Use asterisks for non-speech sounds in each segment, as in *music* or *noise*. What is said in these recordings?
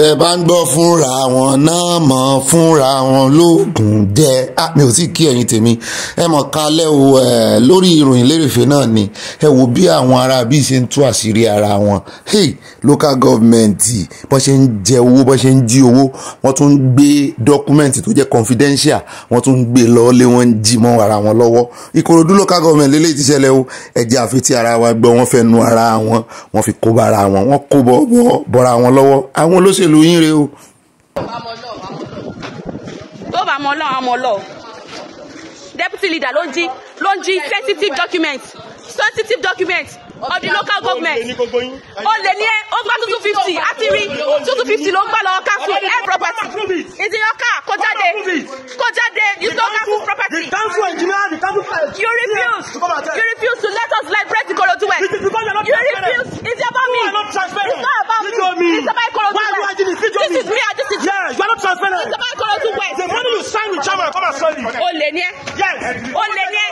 tẹ bá ń gbọ́ fúnra wọn náà mọ̀ fúnra wọn lóògùn jẹ́ mi ò sì kí ẹ̀yin tèmi ẹ mọ̀ kalẹ̀ o lórí ìròyìn lérèfé náà ni ẹ wo bí àwọn ará bí ṣe ń tú àṣírí ara wọn hey local government bó ṣe ń jẹ owó bó ṣe ń jí owó wọ́n tún ń gbé document tó jẹ́ confidential wọ́n tún ń gbé lọ́ọ́lé wọ́n ń jí mọ́ ara wọn lọ́wọ́ Ìkòròdú local government lélẹ́yìí ti ṣẹlẹ̀ o ẹ̀jẹ̀ àfetí ara wa gbọ́ wọ́n fẹ́ nu ara wọn wọ́n fi kó bára wọn wọ́n kó bọ́ bọ́ra wọn lọ́wọ́ àwọn olóṣèlú ìlú yín re o. tó bá mọ Ọlọ́run àmọ́ lọ deputy leader ló ń jí ló ń jí sensitive documents sensitive documents of the local government ó lè ní ó gbà two fifty àti rí two fifty ló ń gbà lọ́wọ́ káfù air property ìdí ọkà kó jáde kó jáde it's not káfù property you refuse you refuse to let us like liberate Ikoroduwe you refuse it's about me it's not about me it's about me. Why do I do this This is me and this is you yes you are not transparent it's about Ikoroduwe the money you sign with chairman come and sell it ó lè ní ẹ ó lè ní ẹ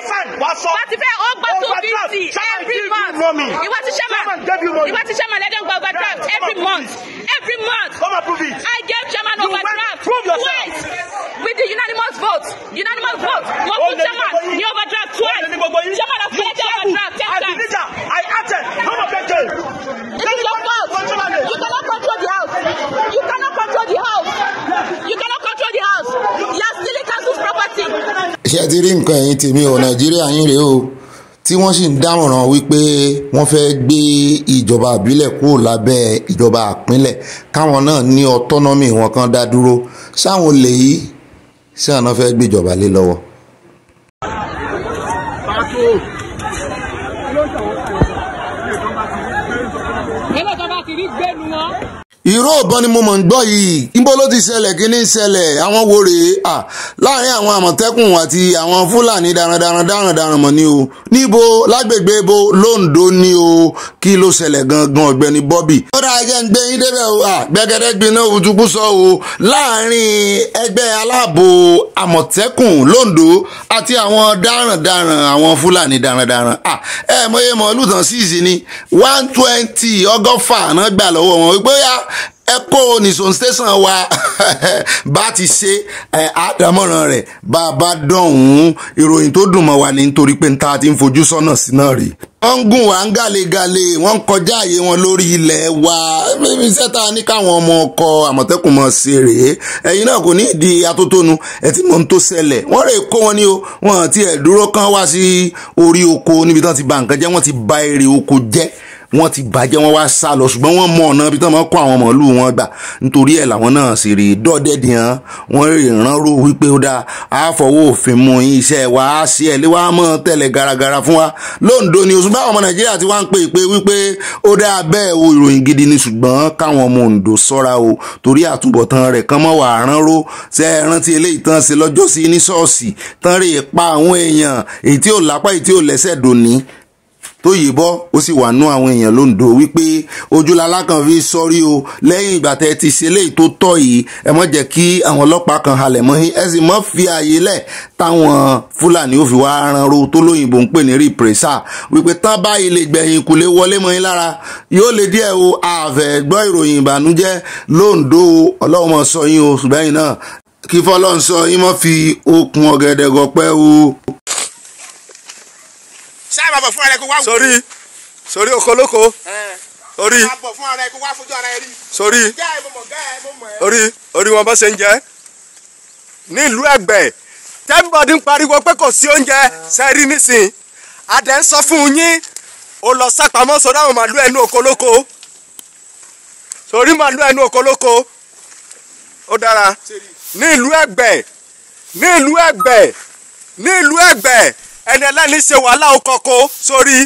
wá ti fẹ́ ó gbà two fifty every month me. want to chairman. Chairman gave you money. Ìwọ ti chairman lẹ́dọ̀ gba overdraft every month. Every month. Come and prove it. I gave chairman you overdraft. Prove yourself. Twice. With the unanimous vote. Unanimous vote. Mo fún chairman ní overdraft twice. Chairman of Fẹ́jẹ̀ overdraft As the leader, I acted. No more get it. is your fault. You cannot control the house. You cannot control the house. You cannot control the house. You are stealing council's property. Ṣé ẹ ti rí nǹkan ẹ̀yìn tèmi ò Nàìjíríà yín rèé o? tí wọ́n sì ń dámọ̀ràn wípé wọ́n fẹ́ gbé ìjọba ìbílẹ̀ kúrò lábẹ́ ìjọba ìpínlẹ̀ káwọn náà ní autonomy wọn kan dá dúró sáwọn olè sí àná fẹ́ gbéjọba lé lọ́wọ́. ìró ìbọn ni mo mọ̀ ń gbọ́ yìí níbo ló ti ṣẹlẹ̀ kí ni ṣẹlẹ̀ àwọn wo rèé à láàrin àwọn àmọ̀tẹ́kùn àti àwọn fúlàní darandaran darandaran mọ̀ ni o níbo lágbègbè bo lóńdó ni o kí ló ṣẹlẹ̀ gangan ọ̀gbẹ́ni Bobby. ó dáa jẹ́ ń gbé yín débẹ̀ o gbẹ́gẹ́dẹ́ gbiná ojúkú sọ o láàrin ẹgbẹ́ aláàbò àmọ̀tẹ́kùn lóńdó àti àwọn darandaran àwọn fúlàní darandaran ẹ̀ mọ̀ yé mọ̀ olùtàn sí ìsìn ni one twenty ọgọ́fà náà gbà lọ́wọ́ wọn wípé ó yá eco nìṣòwò station wa *laughs* bá ti ṣe àdámọ̀ràn rẹ̀ bá a bá dọ̀hún ìròyìn tó dùn mọ́ wa ní nítorí pé níta ti ń fojú sọ́nà sí náà rèé wọ́n ń gùn wá ń gàlegàle wọ́n ń kọjá àyè wọn lórí ilẹ̀ wa iṣẹ́ tá a ní káwọn ọmọ ọkọ àmọ̀tẹ́kùn mọ̀ ṣe rèé ẹ̀yin náà kò ní ìdí atótónu ẹ̀tí mọ̀ ń tó ṣẹlẹ̀ wọ́n rè kó wọn ní o wọ́n ti ẹ̀ dúró kán wá sí orí oko níbi tán ti ba nǹkan jẹ́ wọ́n ti ba èrè oko jẹ́ wọ́n ti bàjẹ́ wọ́n wá sá lọ ṣùgbọ́n wọ́n mọ ọ̀nà ibi tí wọ́n kó àwọn mọ̀lúù wọn gbà nítorí ẹ̀ làwọn náà sì rè dọ́dẹ́dì hàn wọ́n rè ránró wípé ó dáa á fọwọ́ òfin mú iṣẹ́ wa á sí ẹ̀ lé wa mọ̀ tẹ́lẹ̀ garagara fún wa lóńdó ni oṣù báwọn ọmọ nàìjíríà ti wá ń pè pé wípé ó dáa bẹ́ẹ̀ o ìròyìn gidi ni ṣùgbọ́n káwọn ọmọ Oǹdó sọ́ra o torí àtúbọ̀tán rẹ̀ kán mọ́ wà ránró ṣe é rántí eléyìí tán ṣe lọ́jọ́sí ní ṣọ́ọ̀ṣì tán rè pa àwọn èèyàn èyí tí ò lápá èyí tí ò lẹ́sẹ̀ dòní tó yè bọ́ ó sì wà nú àwọn èèyàn lóńdó wípé ojúlala kan fi sọrí o lẹ́yìn ìgbà tẹ́ ti ṣe léyìí tó tọ́ yìí ẹ mọ́ jẹ́ kí àwọn ọlọ́pàá kan halẹ̀ mọ́ yín ẹ sì mọ́ fi àyè lẹ̀ táwọn fúlàní ò fi wá aranro tó lóyìnbó ń pè ní rìpírẹ́sà wípé tá báyìí lè gbẹ̀yìn kò lè wọlé mọ́ yín lára yóò lè díẹ̀ o àfẹ́ gbọ́ ìròyìn ìbànújẹ́ lóńdó ọlọ́run mọ̀ sọ yín o ṣùgbẹ́yìn náà kí fọlọ́n Sorry. Sorry. fún ara ẹ kó wá wò. sori sori okoloko orí sori orí orí wọn bá ṣe ń jẹ nílùú Ẹ̀gbẹ́ tẹ́ńbọ̀dì ń pariwo pé kò sí oúnjẹ sẹ́rí nísìn adẹ́ ń sọ fún yín ó lọ sápamọ́ sórí àwọn màlúù ẹnu òkolóko sórí màlúù ẹnu òkolóko ó dára nílùú Ẹ̀gbẹ́ nílùú Ẹ̀gbẹ́ nílùú Ẹ̀gbẹ́ ẹni ẹlẹ́ni ṣe wàhálà okọ̀ọ̀kọ̀ sórí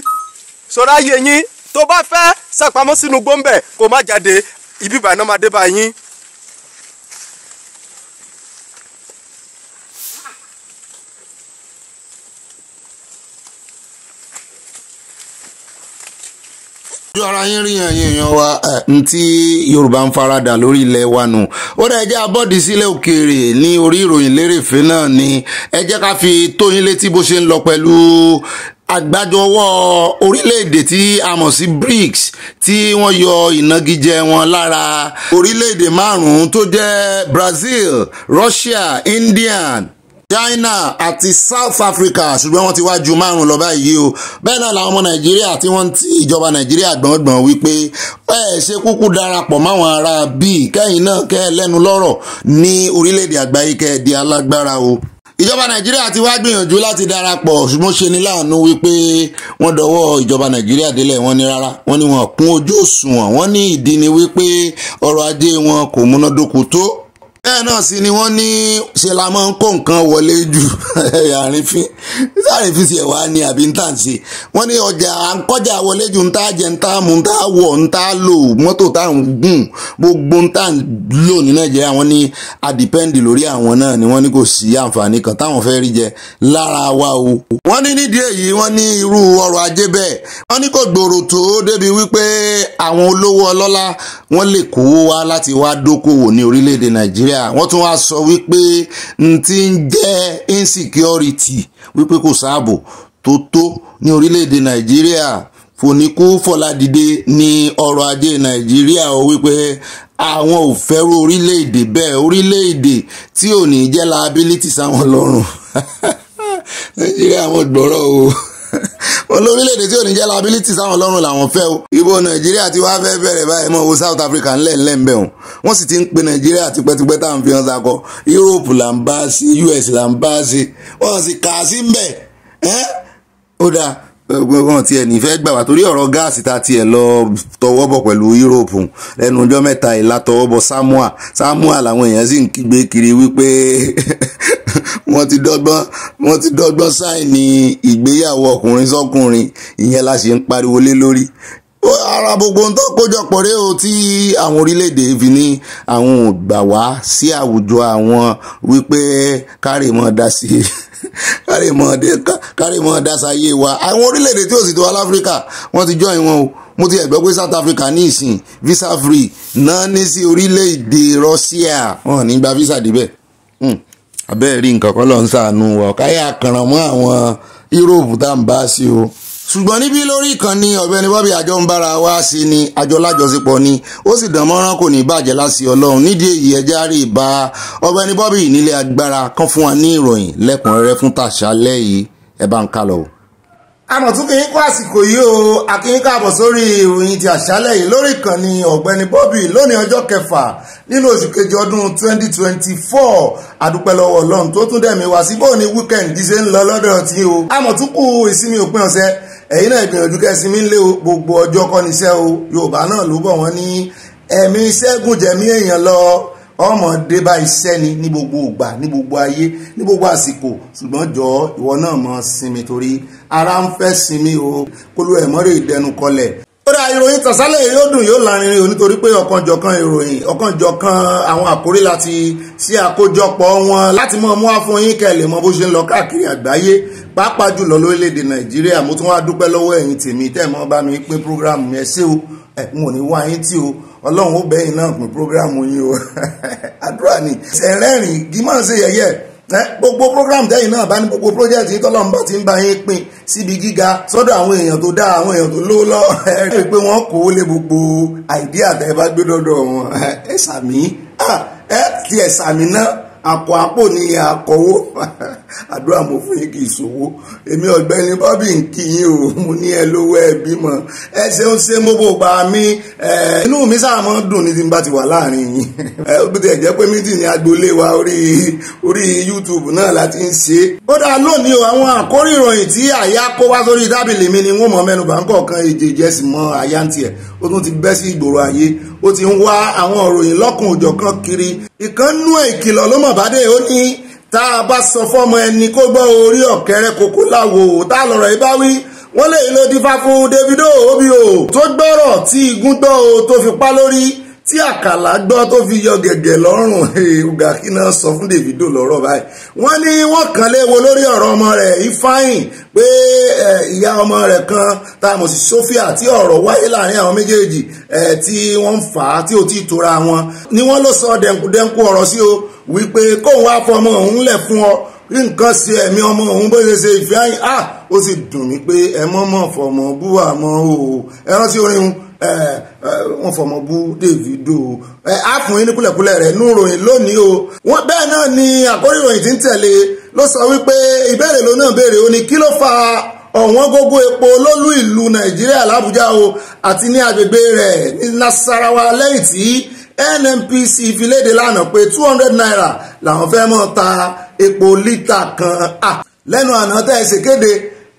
sórí ayé yín tó bá fẹ́ sàpamọ́ sínú gbóǹbẹ̀ kó má jáde ìbí ìbànú máa dé bá yín. ojú ara yín rí ẹ̀yin èèyàn wa eh, ntí yorùbá ń faradà lórí ilẹ̀ wa nù ó dẹ̀ jẹ́ abọ́dì sílẹ̀ òkèèrè ní orí ìròyìn lérèfé náà ni ẹ jẹ́ ká fi tóyin létí bó ṣe ń lọ pẹ̀lú àgbájọ ọwọ́ orílẹ̀-èdè tí a mọ̀ sí BRICS tí wọ́n yọ ìnagijẹ wọn lára orílẹ̀ márùn-ún tó jẹ́ Brazil, Russia, India China àti South Africa ṣùgbọ́n wọ́n ti wá ju márùn lọ báyìí o bẹ́ẹ̀ náà làwọn ọmọ Nàìjíríà tí wọ́n ti ìjọba Nàìjíríà gbọ̀ngbọ̀n wípé ẹ ṣe kúkú darapọ̀ máwọn ará bíi kẹ́yìn náà kẹ́ ẹ lẹ́nu lọ́rọ̀ ní orílẹ̀-èdè àgbáyé kẹ́ ẹ di alágbára o ìjọba nàìjíríà ti wá gbìyànjú láti darapọ̀ ṣùgbọ́n ṣe ni láàánú wípé wọ́n dọwọ́ ìjọba nàìjíríà délẹ̀ wọ́n ní rárá wọ́n ní wọn kún ojú òṣùwọ̀n wọ́n ní ìdí ni wípé ọrọ̀ ajé wọn kò múnádóko tó bẹ́ẹ̀ náà sì ni wọ́n ní ṣe la máa ń kó nǹkan wọlé jù àrífín sáàrífín sì wá ní àbí ń tà ń ṣe wọ́n ní ọjà à ń kọjá wọlé jù ń tá jẹ ń tá mu ń tá wọ̀ ń tá lò mọ́tò tá ń gùn gbogbo ń tá lò ní nàìjíríà wọ́n ní àdìpẹ́ǹdì lórí àwọn náà ni wọ́n ní kò sí àǹfààní kan táwọn fẹ́ rí jẹ lára wa o. wọ́n ní nídìí èyí wọ́n ní irú ọrọ̀ ajé bẹ́ẹ̀ wọ́n ní kò gbòòrò tó débi wípé àwọn olówó ọlọ́lá wọ́n lè kówó wá láti wá dókòwò ní orílẹ̀-èdè nàìjíríà Nigeria wọ́n tún wá sọ wípé n ti ń jẹ́ insecurity wípé kò sáàbò tó tó ní orílẹ̀-èdè Nigeria Fòníkú Fọládìde ní ọrọ̀ ajé Nàìjíríà ó wípé àwọn ò fẹ́rù orílẹ̀-èdè bẹ́ẹ̀ orílẹ̀-èdè tí ò ní jẹ́ liability sáwọn lọ́rùn *laughs* Nàìjíríà wọn gbọ́rọ̀ o olórílẹ̀‐èdè tí ò ní jẹ́ liability sáwọn ọlọ́run làwọn fẹ́ o ìbò nàìjíríà tí wàá fẹ́ bẹ̀rẹ̀ báyìí mọ́ owó south africa ńlẹ̀ ńlẹ̀ ńbẹ̀ o wọ́n sì ti ń pe nàìjíríà tipẹ́tipẹ́ tá à ń fi hàn sakọ europe là ń bá sí us là ń bá sí wọ́n sì kà á sí ńbẹ̀ ẹ́ ó dáa gbọ́n tiẹ̀ nífẹ̀ẹ́ gbà wá torí ọ̀rọ̀ gáàsì ta tiẹ̀ lọ tọwọ́ bọ̀ pẹ̀lú Yúróòpù lẹ́nu ọjọ́ mẹ́ta ìlà tọwọ́ bọ̀ Samoa Samoa làwọn èèyàn sì ń kígbe kiri wípé *laughs* wọ́n ti dọ́gbọ́n wọ́n ti dọ́gbọ́n sáìnì ìgbéyàwó ọkùnrin sọ́kùnrin ìyẹn la ṣe ń pariwo lé lórí ara gbogbo ń tó kójọpọ̀ rẹ o tí àwọn orílẹ̀-èdè fi ní àwọn ò gbà wá sí àwùjọ àwọn wípé kárìmọ́ dá sí i *laughs* kárìmọ́ dá sáyé wa àwọn orílẹ̀-èdè tí ò sì tó wá láfíríkà wọ́n ti join wọn o mo ti ẹ̀gbọ́ pé South Africa ní ìsìn visa free náà ní sí orílẹ̀-èdè Russia wọn ò ní gba visa débẹ̀. Hmm abẹ́ẹ̀ rí nǹkan kọ́ ló ń ṣàánú wa káyà kàràn mọ́ àwọn yúróòpù tá à ń bá sí o ṣùgbọ́n níbí lórí ìkànnì ọ̀gbẹ́ni bọ́bí àjọ ń bára wa sí ni àjọ lájọṣepọ̀ ni ó sì dán mọ́rán kò ní bàjẹ́ láti ọlọ́run nídìí èyí ẹja rí ìbá ọ̀gbẹ́ni bọ́bí nílé agbára kan fún wa ní ìròyìn lẹ́kùnrẹ́rẹ́ fún tàṣálẹ́ yìí ẹ bá ń kálọ̀ o amọ̀tún kì í kó àsìkò yìí o akínyìn káàbọ̀ sórí ìròyìn ti àṣálẹ̀ yìí lórí ìkànnì ọ̀gbẹ́ni Bobby lónìí ọjọ́ kẹfà nínú oṣù kejì ọdún 2024 àdúpẹ́ lọ́wọ́ ọlọ́run tó tún dẹ̀mí wá sí bóun ní wíkẹ́ǹdì ṣe ń lọ lọ́dọ̀ tí o amọ̀tún kù ìsinmi òpin ọ̀sẹ̀ ẹ̀yin náà ìgbìyànjú kẹsìmí ń lé gbogbo ọjọ́ kọ́niṣẹ́ o Yorùbá náà ló bọ̀ wọ́n ní ẹ̀mí iṣẹ́ gùn jẹ̀mí èèyàn lọ ọmọ dé bá iṣẹ́ ni ní gbogbo ìgbà ní gbogbo ayé ní gbogbo àsìkò ṣùgbọ́n jọ ìwọ náà mọ sinmi torí ara ń fẹ́ sinmi o kólú ẹ̀ mọ́rẹ̀ ìdẹnu kọlẹ̀ kódà ìròyìn tọ̀sálẹ̀ yóò dùn yóò lárinrin o nítorí pé ọ̀kanjọ̀kan ìròyìn ọ̀kanjọ̀kan àwọn àkórí láti ṣe àkójọpọ̀ wọn láti mọ̀ mú wá fún yín kẹ́ lè mọ bó ṣe ń lọ káàkiri àgbáyé pàápàá jùlọ lórílẹ̀‐èdè nàìjíríà mo tún wá dúpẹ́ lọ́wọ́ ẹ̀yin tèmi tẹ́ mọ́ bá mi pín program ẹ ṣé o ẹ̀ n ò ní wá yín tí o ọlọ́run ó bẹ́yìn náà pín program yín o *laughs* àdúrà ni ẹ̀rẹ́rìn gímọ̀ ṣe yẹ̀yẹ́ gbogbo program tẹ́yìn náà bá ní gbogbo project yìí tọ́lọ́run bá ti ń bá yín pín síbi gíga sọ́dọ̀ àwọn èèyàn tó dáa àwọn èèyàn tó lówó lọ *laughs* ẹ rí i pé wọ́n kó lé gbogbo àìdíà tẹ́ ẹ bá gbé dọ́dọ̀ wọn *laughs* ẹ sàmì ẹ tiẹ̀ sàmì náà àpò àpò ni àkọwó *laughs* àdúrà mo fún yín kì èmi ọ̀gbẹ́ni bọ́bí ń kí o *laughs* mo ní ẹ lówó ẹ bímọ ẹ ṣeun ṣe gbogbo gbà mí inú mi sáàmọ dùn ní tí n bá ti wà láàrin yín *laughs* ẹ bí tẹ̀ jẹ́ pé mítì ní agboolé wa orí orí youtube náà la ti ń ṣe. ó dáa lónìí o àwọn àkórí ìròyìn tí àyà kó wá sórí tábìlì mi ni wọ́n mọ̀ mẹ́nu bá ń kọ̀ọ̀kan èjèèjì ẹ̀sìn mọ́ àyà ń tiẹ̀ ó tún ti bẹ́ sí ìgboro ayé ó ti ń wá àwọn òròyìn lọ́kùn òjọ̀kan kiri ìkànnú ìkìlọ̀ ló mọ̀ bá dé ó ní tá a bá sọ fọ́mọ ẹni kó gbọ́ orí ọ̀kẹ́rẹ́ kókó láwo tá a lọ̀rọ̀ ibá wí wọ́n lè lo dífá fún Davido obi o tó gbọ́rọ̀ tí igun gbọ́ o tó fi pa lórí tí àkàlà gbọ́ tó fi yọ gẹ̀gẹ̀ lọ́rùn ìgbà kí náà sọ fún Davido lọ́rọ̀ báyìí wọ́n ní wọ́n kàn léwo lórí ọ̀rọ̀ ọmọ rẹ̀ Ifeanyi pé eh, ìyá ọmọ rẹ̀ kan tá a mọ̀ sí Sophia tí ọ̀rọ̀ wáyé láàrin àwọn méjèèjì eh, tí wọ́n ń fà á tí ò tí ì tóra wọn ni wọ́n ló sọ dẹ̀nkudẹ̀nku ọ̀rọ̀ sí o wípé kóun wá fọmọ òun lẹ̀ fún ọ nǹkan ṣe ẹ̀mí ọmọ òun bó ṣe ṣe Ifeanyi ah ó sì dùn mí pé ẹ mọ́ mọ́ fọmọ búwa mọ́ o ẹ rántí orin eh, Eh, wọ́n fọmọ bú Davido á eh, fún yín ní kúlẹ̀kúlẹ̀ rẹ̀ nú ròyìn lónìí o wọ́n bẹ́ẹ̀ náà ni àkórí ìròyìn tí ń tẹ̀lé ló sọ wípé ìbéèrè ló náà béèrè ó ní kí ló fa ọ̀wọ́n gógó epo lólú ìlú Nàìjíríà l'Àbújá o àti ní agbègbè rẹ̀ ní Nasarawa lẹ́yìn tí NNPC fi léde lánàá pé two hundred naira làwọn fẹ́ mọ́ ta epo lítà kan lẹ́nu àná tẹ́ ẹ ṣèkéde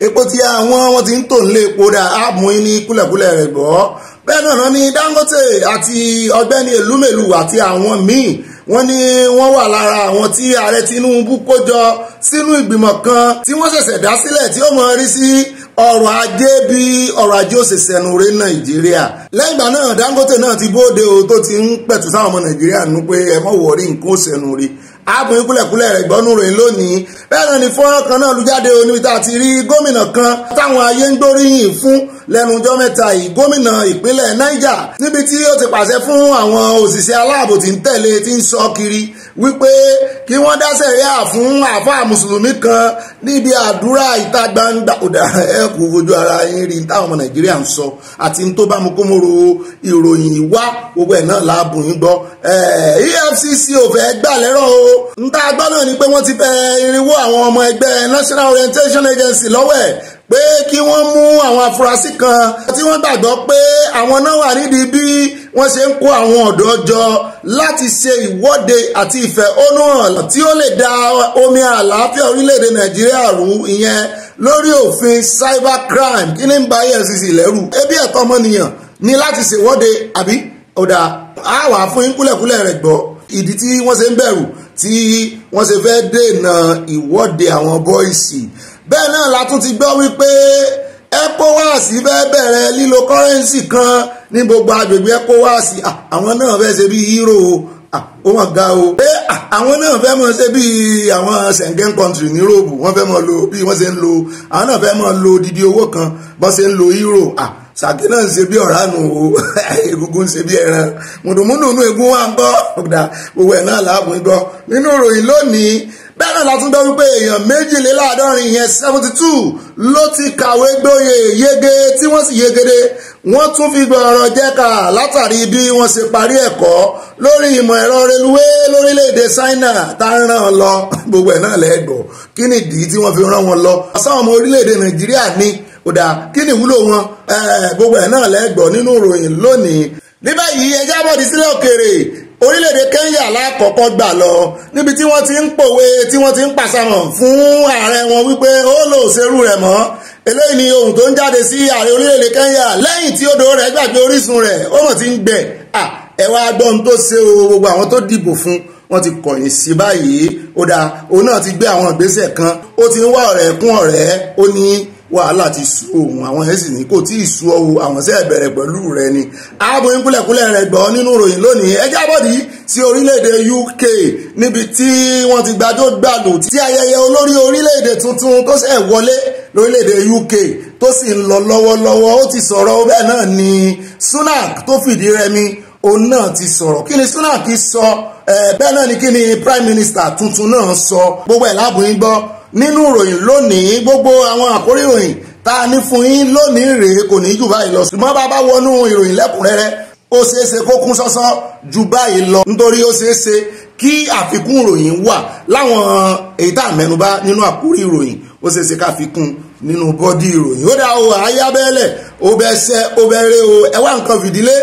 epo tí àwọn wọn ti ń tò nílé epo dà á mú ní kúlẹ̀kúlẹ̀ rẹ̀ gbọ́ bẹ́ẹ̀ náà náà ni Dangote àti ọ̀gbẹ́ni Elumelu àti àwọn míì wọ́n ní wọ́n wà lára àwọn tí ààrẹ Tinubu kó jọ sínú ìgbìmọ̀ kan tí wọ́n ṣẹ̀ṣẹ̀ dá sílẹ̀ tí ó mọ̀ rí sí ọrọ̀ ajé bí ọrọ̀ ajé òṣèṣẹ́nu rẹ̀ nàìjíríà lẹ́gbàá náà Dangote náà ti bóde o tó ti ń pẹ̀tù sáwọn ọmọ nàìjíríà nù pé ẹ mọ̀ wọ̀rí nǹkan òṣèṣẹ́nu rẹ̀ ààbò ìkúlẹ̀kúlẹ̀ rẹ̀ gbọ́nú ròyìn lónìí bẹ́ẹ̀ náà ni fọ́nrán kan náà lù jáde o níbi tá a ti rí gómìnà kan táwọn ayé ń gbóríyìn fún lẹ́nu ọjọ́ mẹ́ta yìí gómìnà ìpínlẹ̀ Niger níbi tí ó ti pàṣẹ fún àwọn òṣìṣẹ́ aláàbò tí ń tẹ̀lé tí ń sọ kiri wípé kí wọ́n dá sẹ̀ríà fún àáfàá mùsùlùmí kan níbi àdúrà ìta gbangba ọ̀dà ẹ kò fojú ara yín rí táwọn ọmọ nàìjíríà ń sọ àti tó bá mu kó mo ro ìròyìn wá gbogbo ẹ̀ náà láàbù yín gbọ́ EFCC ò fẹ́ gbà lẹ́rọ̀ o ń tá a gbọ́ náà ni pé wọ́n ti fẹ́ irinwó àwọn ọmọ ẹgbẹ́ National Orientation Agency lọ́wọ́ ẹ̀ pé kí wọ́n mú àwọn afurasí kan tí wọ́n gbàgbọ́ pé àwọn náà wà nídìí bí wọ́n ṣe ń kó àwọn ọ̀dọ́ jọ láti ṣe ìwọ́de àti ìfẹ̀hónúhàn tí ó lè da omi àlàáfíà orílẹ̀-èdè nàìjíríà rú ìyẹn lórí òfin cyber crime kí ní ń ba EFCC lẹ́rù ebi ẹ̀tọ́ ọmọnìyàn ní láti ṣèwọ́de àbí ọ̀dà á wà fún kúlẹ̀kúlẹ̀ rẹ̀ gbọ́ ìdí tí wọ́n ṣe ń bẹ̀rù tí wọ́n ṣe fẹ́ dènà ìwọ́de àwọn bọ́ìsì bẹ́ẹ̀ náà la tún ti gbọ́ wípé ecowas fẹ́ bẹ̀rẹ̀ lílo kọ́rẹ́ǹsì kan ní gbogbo agbègbè ecowas àwọn náà fẹ́ ṣe bí euro ó wọ́n ga o pé àwọn náà fẹ́ mọ̀ ṣe bí àwọn Schengen country ní Europe wọ́n fẹ́ mọ̀ lo bí wọ́n ṣe ń lo àwọn náà fẹ́ mọ̀ lo dídí owó kan bọ́ ṣe ń lo euro sàkí náà ń ṣe bí ọ̀rá nù o *laughs* egungun ń ṣe bí ẹran mùdùmùdù egun wa ń gbọ́ gbogbo ẹ̀ náà láàbùn gbọ́ nínú ìròyìn lónìí bẹ́ẹ̀ náà látún gbọ́ wípé èèyàn méjìléláàádọ́rin yẹn seventy two ló ti kàwé gbóyè yege tí wọ́n sì yegede wọ́n tún fi gbọ̀rọ̀ jẹ́ka látàrí bí wọ́n ṣe parí ẹ̀kọ́ lórí ìmọ̀ ẹ̀rọ reluwé lórílẹ̀‐èdè Ṣáínà tá ń rán wọn lọ *laughs* gbogbo ẹ̀ náà lẹ́gbọ̀ọ́ kí ni ìdí tí wọ́n fi rán wọn lọ sáwọn ọmọ orílẹ̀‐èdè Nàìjíríà ní kódà kí ni ìwúlò wọn gbogbo ẹ̀ náà lẹ́gbọ̀ọ́ nínú ìròyìn lónìí ní báyìí ẹjá bọ̀dì sílẹ̀ òkèèrè orílẹ̀-èdè Kenya lákọ̀ọ́kọ́ gbà lọ níbi tí wọ́n ti ń pòwe tí wọ́n ti ń pàṣàmọ̀ fún ààrẹ wọn wípé ó lò ṣerú rẹ̀ mọ́ eléyìí ni ohun tó ń jáde sí ààrẹ orílẹ̀-èdè Kenya lẹ́yìn tí odò rẹ̀ gbàgbé orísun rẹ̀ ó mọ̀ ti ń gbẹ ẹ wá gbọ́ ohun tó ṣe o gbogbo àwọn tó dìbò fún wọ́n ti kọ̀yìn sí báyìí ó dáa òun náà ti gbé àwọn ìgbésẹ̀ kan ó ti ń wá ọ̀rẹ́ kún ọ̀rẹ́ ó ní wàhálà ti sú òun àwọn yẹn sì ní kò tí ì sú ọwọ́ àwọn sẹ́ẹ̀ bẹ̀rẹ̀ pẹ̀lú rẹ ni ààbò ìkúlẹ̀kúlẹ̀ rẹ̀ gbọ́ nínú ìròyìn lónìí ẹ jábọ̀dì sí orílẹ̀-èdè UK níbi tí wọ́n ti gbàjọ́ gbàdùn tí ayẹyẹ olórí orílẹ̀-èdè tuntun tó ṣẹ̀ wọlé lórílẹ̀-èdè UK tó sì ń lọ lọ́wọ́lọ́wọ́ ó ti sọ̀rọ̀ bẹ́ẹ̀ náà ni Sunak tó fìdí rẹmi òun náà ti sọ̀rọ̀ kí ni Sunak sọ bẹ́ẹ̀ náà ni kí ni Prime Minister tuntun náà sọ gbogbo ẹ̀ láàbò yín gbọ́ nínú ìròyìn lónìí gbogbo àwọn àkórí ìròyìn tá a ní fún yín lónìí rèé kò ní jù báyìí lọ ṣùgbọ́n bá bá wọnú ìròyìn lẹ́kùnrẹ́rẹ́ ó ṣeé ṣe kó kún sọ́sọ́ ju báyìí lọ nítorí ó ṣeé ṣe kí àfikún ìròyìn wà láwọn èyí tá a mẹ́nubà nínú àkórí ìròyìn ó ṣeé ṣe ká fi kún nínú bọ́dí ìròyìn ó dá o àyábẹ́lẹ̀ ó bẹ́ ṣẹ́ ó bẹ́ rẹ́ o ẹ wá nǹkan fìdílé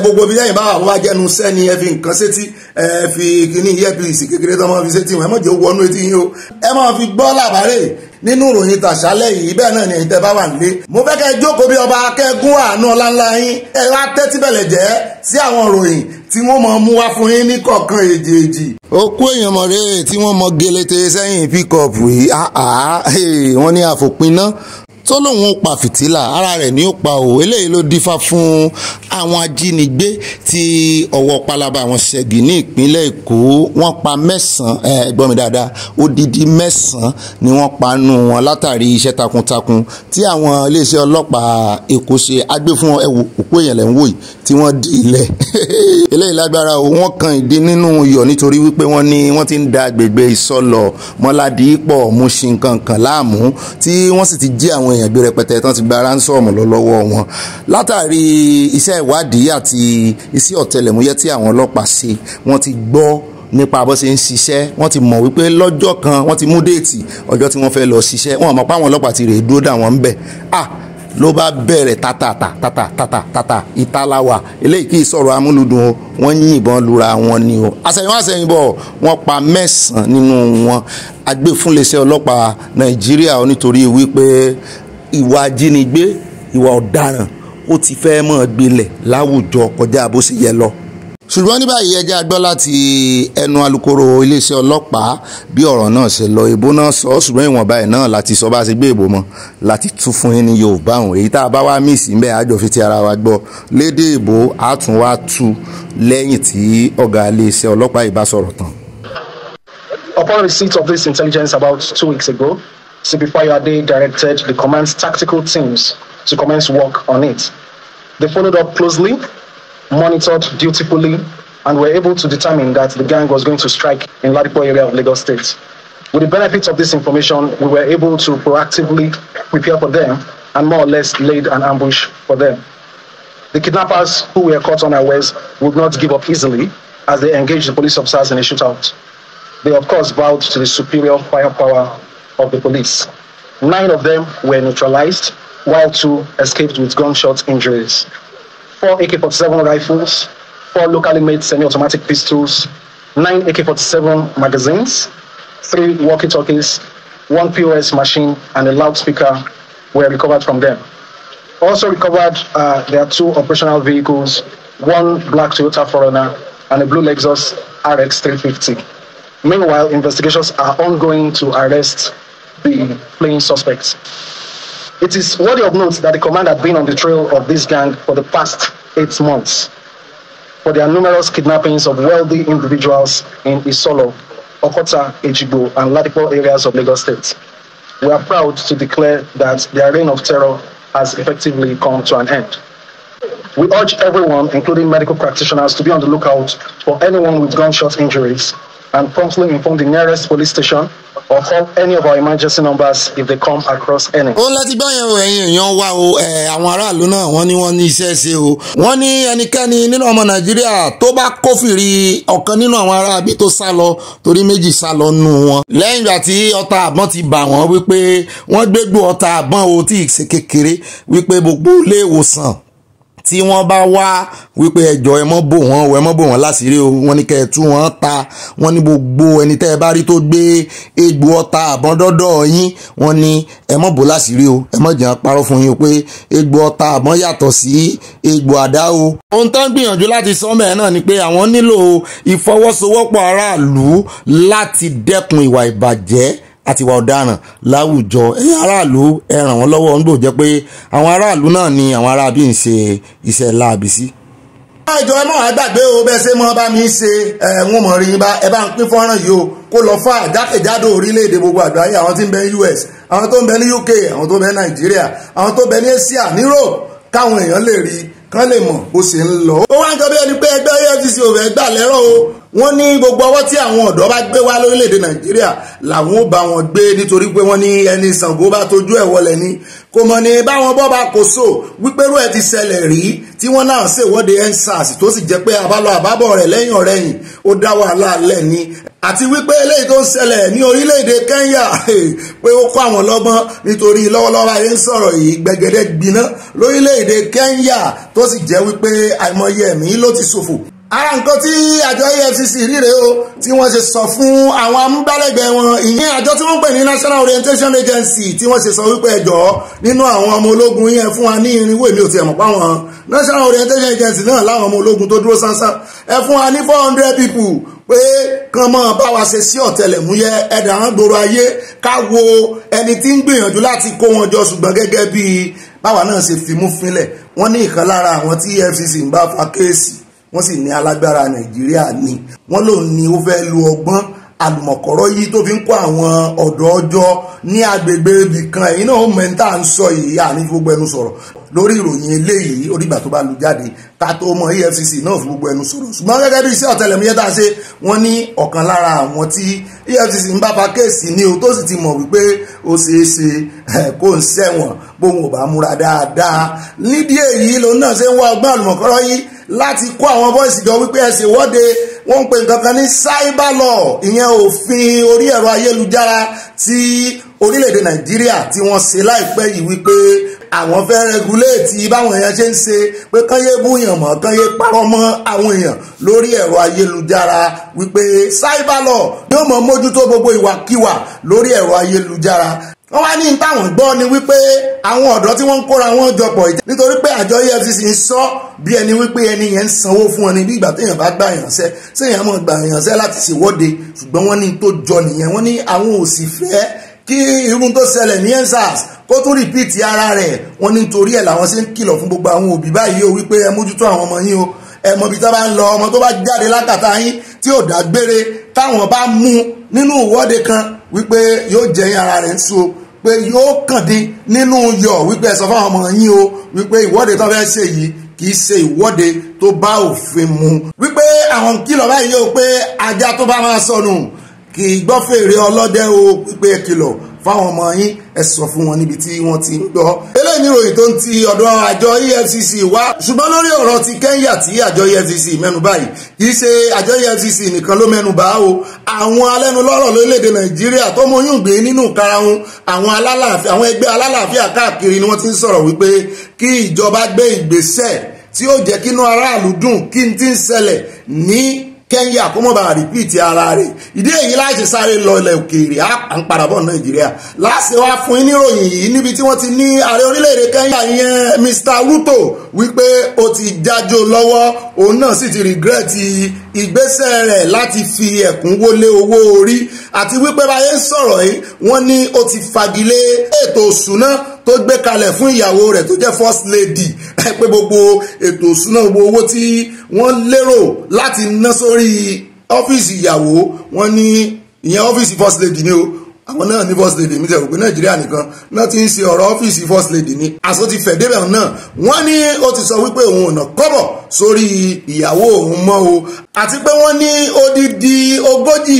gbogbo bí lẹ́yìn báwa wá jẹ́nu sẹ́ni ẹ fi nǹkan sétí ẹ fi kíní earpiece kékeré tó máa fi sétí wọn ẹ má jẹ́ owó ọnú etí yín o ẹ máa fi gbọ́ làbárè nínú ìròyìn tàṣálẹ̀ yìí bẹ́ẹ̀ náà ni ẹ̀yin tẹ́ bá wà nílé. mo fẹ́ kẹ́ ẹ jókòó bí ọba akẹ́gùn àánú ọláńlá yín ẹ wá tẹ́tí bẹ̀lẹ̀ jẹ́ sí àwọn ìròyìn tí wọ́n mọ̀ mú wá fún yín ní kọ̀ọ̀kan èjèèjì. òkú èèyàn mọ̀rẹ́ tí wọ́n mọ gelete sẹ́yìn píkọ̀pù yìí ah, ah, wọ́n ní àfòpin náà tó lóun ó pa fìtílà ara rẹ̀ ni ó pa o eléyìí ló dífá fún àwọn ajínigbé tí ọwọ́ palaba àwọn ṣẹ́gi ní ìpínlẹ̀ èkó wọ́n pa mẹ́sàn-án ẹ mi dáadáa odidi mẹ́sàn-án ni wọ́n pa nù wọn látàrí iṣẹ́ takuntakun tí àwọn iléeṣẹ́ ọlọ́pàá èkó ṣe agbé fún ẹwò òkú èèyàn lẹ́ ń wò yìí tí wọ́n di ilẹ̀ *laughs* eléyìí lágbára o wọ́n kan ìdí nínú yọ̀ nítorí wípé wọ́n ní wọ́n ti ń da agbègbè ìsọlọ̀ mọ́ládìípọ̀ mùsìn kankan láàmú tí wọ́n sì ti jí àwọn èèyàn bí rẹpẹtẹ tán ti gba ránsọ́ọ̀mù lọ lọ́wọ́ wọn látàrí iṣẹ́ ìwádìí àti iṣẹ́ ọ̀tẹlẹ̀múyẹ́ tí àwọn ọlọ́pàá ṣe wọ́n ti gbọ́ nípa bó ṣe ń ṣiṣẹ́ wọ́n ti mọ̀ wípé lọ́jọ́ kan wọ́n ti mú déètì ọjọ́ tí wọ́n fẹ́ lọ ṣiṣẹ́ wọ́n mọ̀ pé àwọn ọlọ́pàá ti rè é dúró dà wọ́n ń bẹ̀ ah ló bá bẹ̀rẹ̀ tatata tatata tatata tata, ìtaláwa eléyìí kì í sọ̀rọ̀ amúlùdùn o wọ́n yìnbọn lura wọn ni o àṣẹyìn àṣẹyìnbọ̀ wọ́n pa mẹ́sàn-án nínú wọn agbèfúnlẹ̀ṣẹ̀ ọlọ́pàá nàìjíríà nítorí wípé ìwà ajínigbé ìwà ọ̀daràn ó ti fẹ́ mọ́ gbilẹ̀ láwùjọ kọjá bó ṣe yẹ lọ. ṣùgbọ́n ní báyìí ẹjẹ́ agbọ́ láti ẹnu alukoro iléeṣẹ́ ọlọ́pàá bí ọ̀rọ̀ náà ṣe lọ ìbò náà sọ ṣùgbọ́n ìwọ̀nba ẹ̀ náà láti sọ bá ṣe gbé ìbò mọ́ láti tún fún yín ní yorùbá àwọn èyí tá a bá wá mí sí bẹ́ẹ̀ àjọ fi ti ara wa gbọ́ lédè ìbò àtúnwá tu lẹ́yìn tí ọ̀gá iléeṣẹ́ ọlọ́pàá ìbá sọ̀rọ̀ tán. Upon receipt of this intelligence about two weeks ago, Sipify Day directed the command's tactical teams to commence work on it. They followed up closely, monitored dutifully, and were able to determine that the gang was going to strike in Ladipo area of Lagos State. With the benefit of this information, we were able to proactively prepare for them and more or less laid an ambush for them. The kidnappers who were caught unawares would not give up easily as they engaged the police officers in a shootout. They, of course, bowed to the superior firepower of the police. Nine of them were neutralized, while two escaped with gunshot injuries. Four AK 47 rifles, four locally made semi automatic pistols, nine AK 47 magazines, three walkie talkies, one POS machine, and a loudspeaker were recovered from them. Also recovered, uh, there are two operational vehicles, one black Toyota 4 and a blue Lexus RX 350. Meanwhile, investigations are ongoing to arrest the fleeing suspects. It is worthy of note that the command had been on the trail of this gang for the past eight months. For their numerous kidnappings of wealthy individuals in Isolo, Okota, Ejibo, and Ladipo areas of Lagos State. We are proud to declare that their reign of terror has effectively come to an end. We urge everyone, including medical practitioners, to be on the lookout for anyone with gunshot injuries and promptly inform the nearest police station or call any of our emergency numbers if they come across any. ó láti gbọ́ yẹn o ẹ̀yin èèyàn wa o àwọn aráàlú náà wọ́n ní wọ́n ní iṣẹ́ ṣe o wọ́n ní ẹnikẹ́ni nínú ọmọ nàìjíríà tó bá kófìrí ọ̀kan nínú àwọn aráàbí tó sá lọ torí méjì sá lọ nù wọn. lẹ́yìn ìgbà tí ọta àbọ̀n ti bà wọ́n wípé wọ́n gbégbó ọta àbọ̀n o tí ì ṣe kékeré wípé gbogbo ilé ìwòsàn tí wọ́n bá wá wípé ẹjọ́ ẹ mọ́ bò wọ́n o ẹ mọ́ bò wọ́n láṣìírí o wọ́n ní kẹ́ ẹ ta wọ́n ní gbogbo ẹni tẹ́ ẹ bá rí tó gbé egbò ọta àbọ̀n dọ́dọ̀ yín wọ́n ní ẹ mọ́ bò láṣìírí o ẹ mọ́ jẹ́ parọ́ fún yín o pé egbò ọta àbọ̀n yàtọ̀ sí egbò àdá o. ohun tó ń gbìyànjú láti sọ mẹ́ẹ̀ náà ni pé àwọn nílò ìfọwọ́sowọ́pọ̀ aráàlú láti dẹ́kun ìwà ìbàjẹ́ àti ìwà ọ̀daràn láwùjọ ẹ̀yin aráàlú ẹ ràn wọ́n lọ́wọ́ ń gbòjẹ́ pé àwọn aráàlú náà ni àwọn aráàbí ń ṣe iṣẹ́ láàbí sí. àjọ ẹ máa gbàgbé o bẹ́ẹ̀ ṣe máa bá mi ṣe ẹ̀wọ̀n mọ̀ rí bá ẹ bá ń pín fọ́nrán yìí o kó lọ fà jákèjádò orílẹ̀-èdè gbogbo àgbáyé àwọn tí ń bẹ ní US àwọn tó ń bẹ ní UK àwọn tó ń bẹ ní Nàìjíríà àwọn tó ń bẹ ní Asia ní Europe káwọn èèyàn lè rí kán lè mọ̀ bó ṣe ń lọ. ó wá ń jọ bí ẹni pé ẹgbẹ́ EFCC ò fẹ́ gbà lẹ́rọ̀ o wọ́n ní gbogbo ọwọ́ tí àwọn ọ̀dọ́ bá gbé wá lórílẹ̀‐èdè nàìjíríà làwọn ó bá wọn gbé nítorí pé wọ́n ní ẹni Ṣàngó bá tójú ẹ̀ wọlẹ̀ ni kò mọ̀ ní báwọn bọ́ bá kò so wípérú ẹ̀ ti ṣẹlẹ̀ rí tí wọ́n náà ṣèwọ́de EndSARS tó sì jẹ́ pé àbálọ àbábọ̀ rẹ̀ lẹ́yìn ọ̀rẹ́yìn ó dá wàhálà lẹ̀ ni àti wípé eléyìí tó ń ṣẹlẹ̀ ní orílẹ̀-èdè Kenya *laughs* pé ó kọ́ àwọn lọ́gbọ́n nítorí lọ́wọ́lọ́wọ́ ayé ń sọ̀rọ̀ yìí gbẹ̀gẹ̀dẹ̀ gbiná lórílẹ̀-èdè Kenya tó sì jẹ́ wípé àìmọye ẹ̀mí ló ti ṣòfò ara nǹkan tí àjọ efcc ríre o tí wọ́n ṣe sọ fún àwọn amúgbálẹ́gbẹ̀ẹ́ wọn ìyẹn àjọ tí wọ́n pè ní national orientation agency tí wọ́n ṣe sọ wípé ẹjọ́ nínú àwọn ọmọ ológun yẹn fún wa ní irinwó èmi ò tiẹ̀ mọ̀ páwọn national orientation agency náà láwọn ọmọ ológun tó dúró sánsán ẹ fún wa ní four hundred people pé kàn mọ́ bá wa ṣe sí ọ̀tẹlẹ̀múyẹ́ ẹ̀dà hàn gbòòrò ayé ká wo ẹni tí ń gbìyànjú láti kó wọn jọ ṣùgbọ́n gẹ́gẹ́ bíi báwa náà ṣe fimú fínlẹ̀ wọ́n ní ìkan lára àwọn tí efcc ń bá fa kéèsì wọ́n sì ní alágbára nàìjíríà ni wọ́n lòun ni ó fẹ́ lo ọgbọ́n àlùmọ̀kọ́rọ́ yìí tó fi ń kó àwọn ọ̀dọ́ ọjọ́ ní agbègbè ibì kan ẹ̀yin náà mẹ́rin tá à ń sọ yìí àní fi gbogbo ẹnu sọ̀rọ̀ lórí ìròyìn eléyìí onígbà tó bá lu jáde ká tó mọ EFCC náà fi gbogbo ẹnu sọ̀rọ̀ ṣùgbọ́n gẹ́gẹ́ bí iṣẹ́ ọ̀tẹlẹ̀múyẹ́ tá a ṣe wọ́n ní ọ̀kan lára àwọn tí EFCC ń bá fa kéèsì ni o tó sì ti mọ̀ wípé ó ṣeé ṣe kó ń ṣẹ̀wọ̀n bóun ò bá múra dáadáa nídìí èyí lòun náà ṣe ń wá ọgbọ́n àlùmọ̀kọ́rọ́ yìí láti kó àwọn bọ́ìsì jọ wípé ẹsẹ̀ ìwọ́de wọ́n ń pè nǹkan kan ní cyber law ìyẹn òfin orí ẹ̀rọ ayélujára ti orílẹ̀-èdè nàìjíríà tí wọ́n ṣe láìpẹ́ yìí wípé àwọn fẹ́ rẹguléètì báwọn èèyàn ṣe ń ṣe pé kányé búyàn mọ́ kányé parọ́ mọ́ àwọn èèyàn lórí ẹ̀rọ ayélujára wípé cyber law yóò mọ̀ mójútó gbogbo ìwàkiwà lórí ẹ̀rọ ayélujára wọ́n wá ní táwọn gbọ́ ni wípé àwọn ọ̀dọ́ tí wọ́n ń kóra wọn jọpọ̀ ìjà nítorí pé àjọ EFCC ń sọ bí ẹni wípé ẹni yẹn ń sanwó fún ẹni bí ìgbà téèyàn bá gbà ìrànṣẹ́ séèyàn mọ̀ gbà ìrànṣẹ́ láti ṣèwọ́de ṣùgbọ́n wọ́n ní tó jọ nìyẹn wọ́n ní àwọn ò sì fẹ́ kí irun tó ṣẹlẹ̀ ní EndSARS kó tún rìpíìtì ara rẹ̀ wọ́n ní ẹ̀ làwọn ṣe ń kìlọ̀ fún gbogbo àwọn òbí báyìí o wípé ẹ mójútó àwọn ọmọ yín o ẹ̀mọ́ ibi tí wọ́n bá ń lọ ọmọ tó bá jáde lákàtà yín tí ò dágbére táwọn bá mú nínú ìwọ́de kan wípé yóò jẹyìn ara rẹ̀ ń so pé yóò kàn dín nínú yọ̀ wípé ẹ sọ fáwọn ọmọ yín o wípé ìwọ́de tó fẹ́ ṣe yìí kì í ṣe ìwọ́de tó bá òfin mu. wípé àwọn kìlọ̀ báyìí yóò pé ajá tó bá máa sọnù kì í gbọ́ fèrè ọlọ́dẹ o wípé kìlọ̀ fáwọn ọmọ yín ẹ sọ fún wọn níbi tí wọ́n ti ń gbọ́. eléyìí níròyìn tó ń ti ọ̀dọ̀ àjọ EFCC wá ṣùgbọ́n lórí ọ̀rọ̀ ti Kenya tí àjọ EFCC mẹ́nubà yìí kì í ṣe àjọ EFCC nìkan ló mẹ́nubà o àwọn alẹ́nulọ́rọ̀ lórílẹ̀‐èdè Nàìjíríà tó mọyún gbé nínú karahun àwọn alálàáfíà àwọn ẹgbẹ́ alálàáfíà káàkiri ni wọ́n ti ń sọ̀rọ̀ wípé kí ìjọba gbé ìgbésẹ̀ tí ó jẹ́ kínú aráàlú dùn kí n ti ń ṣẹlẹ̀ ní kẹ́ńyà kó mọ̀ bá rìpíìtì ara rẹ̀ ìdí èyí láti sáré lọ ilẹ̀ òkèèrè à ń padà bọ̀ nàìjíríà láti wá fún yín níròyìn yìí níbi tí wọ́n ti ní ààrẹ orílẹ̀-èdè kẹ́ńyà yẹn Mr. Ruto wípé ó ti jájó lọ́wọ́ òun náà sì ti rìgírẹ́tì ìgbésẹ̀ rẹ̀ láti fi ẹ̀kúnwó lé owó orí àti wípé báyé sọ̀rọ̀ yìí wọ́n ní ó ti fagilé ètò òṣùná tó gbé kalẹ̀ fún ìyàwó rẹ̀ tó jẹ́ first lady *laughs* pé gbogbo ètò ìṣúná gbogbo owó tí wọ́n lérò láti ná sórí ọ́fíìsì ìyàwó wọn ní ìyẹn ọ́fíìsì first lady ni o àwọn náà ní first lady mi tẹ̀ òpin nàìjíríà nìkan náà ti ń ṣe ọ̀rọ̀ ọ́fíìsì first lady ni àṣọ ti fẹ̀ débẹ̀ náà wọ́n ní ó ti sọ wípé òun ò ná kọ́bọ̀ sórí ìyàwó òun mọ́ o àti pé wọ́n ní odidi ogójì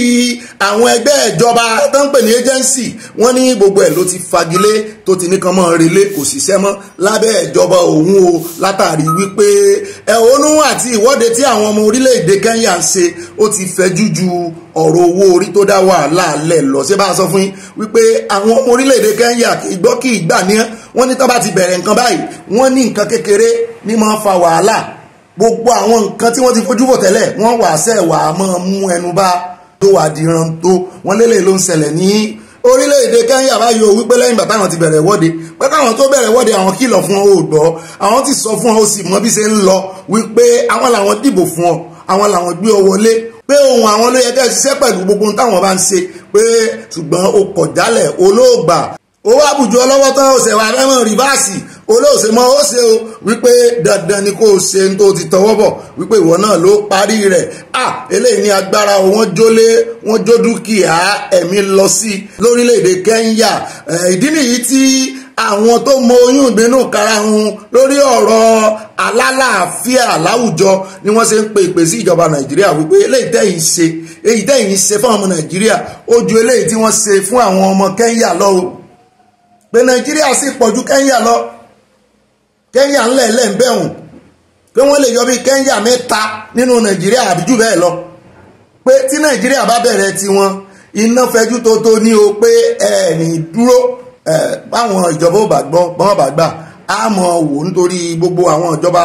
àwọn ẹgbẹ́ ìjọba tó ń pè ní agency wọ́n ní gbogbo ẹ̀ ló ti fagilé tó ti ní kan mọ́ relé kò ṣiṣẹ́ mọ́ lábẹ́ ìjọba òun o látàrí wípé ẹ̀hónú àti ìwọ́de tí àwọn ọmọ orílẹ̀-èdè Kenya ń ṣe ó ti fẹ̀jú ju ọ̀rọ̀ owó orí tó dá wàhálà lẹ̀ lọ ṣé bá a sọ fún yín wípé àwọn ọmọ orílẹ̀-èdè Kenya kì í gbọ́ kì í gbà ní wọ́n ní tán bá ti bẹ̀rẹ̀ nǹkan báyìí wọ́n ní nǹkan kékeré ní máa fa wàhálà gbogbo àwọn nǹkan tí wọ́n ti fojú bọ̀ tẹ́lẹ̀ wọ́n wàá sẹ́ẹ̀ wàá máa mú ẹnu bá tó wà di ran tó wọ́n lélẹ̀ ló ń ṣẹlẹ̀ ní orílẹ̀-èdè Kẹ́ńyà báyìí o wípé lẹ́yìn bàtà àwọn ti bẹ̀rẹ̀ wọ́de pé káwọn tó bẹ̀rẹ̀ wọ́de àwọn kìlọ̀ fún ọ ò gbọ́ àwọn ti sọ fún ọ ó sì mọ bí ṣe ń lọ wípé àwọn làwọn dìbò fún ọ àwọn làwọn gbé ọ wọlé pé ohun àwọn ló yẹ kẹ́ ẹ ṣiṣẹ́ pẹ̀lú gbogbo ohun táwọn bá ń ṣe pé ṣùgbọ́n o kọ̀ jálẹ̀ olóògbà owó àbùjọ lọ́wọ́ tán ọ̀sẹ̀ wà rẹ́wọ̀n rìváàsì olóòsè mọ́ ó ṣe o wípé dandan ni kò ṣe ní tó ti tọwọ́ bọ̀ wípé ìwọ náà ló parí rẹ̀ à eléyìí ní agbára wọ́n jólé wọ́n jó dúkìá ẹ̀mí lọ sí lórílẹ̀‐èdè Kẹ́ńyà eh, ìdí nìyí tí àwọn tó mọ oyún ìbínú karahun lórí ọ̀rọ̀ alálàáfíà láwùjọ ni wọ́n ṣe ń pe ìpè sí ìjọba Nàìjíríà wípé eléyìí tẹ́yìn ṣe èyí tẹ́yìn ṣe fún ọmọ Nàìjíríà ó ju eléyìí tí wọ́n ṣe fún àwọn ọmọ Kẹ́ńyà lọ o pé Nàìjíríà sì pọ̀jù Kẹ́ńyà lọ Kenya ńlẹ̀ ńlẹ̀ ń bẹ̀hùn pé wọ́n lè yọ bí Kenya mẹ́ta nínú Nàìjíríà àbí jù bẹ́ẹ̀ lọ pé tí Nàìjíríà bá bẹ̀rẹ̀ tiwọn iná fẹjú tó tó ní o pé ẹ̀ẹ́nì dúró báwọn ìjọba ò bá gbọ́ bọ́n bá gbà a mọ̀ wò nítorí gbogbo àwọn ìjọba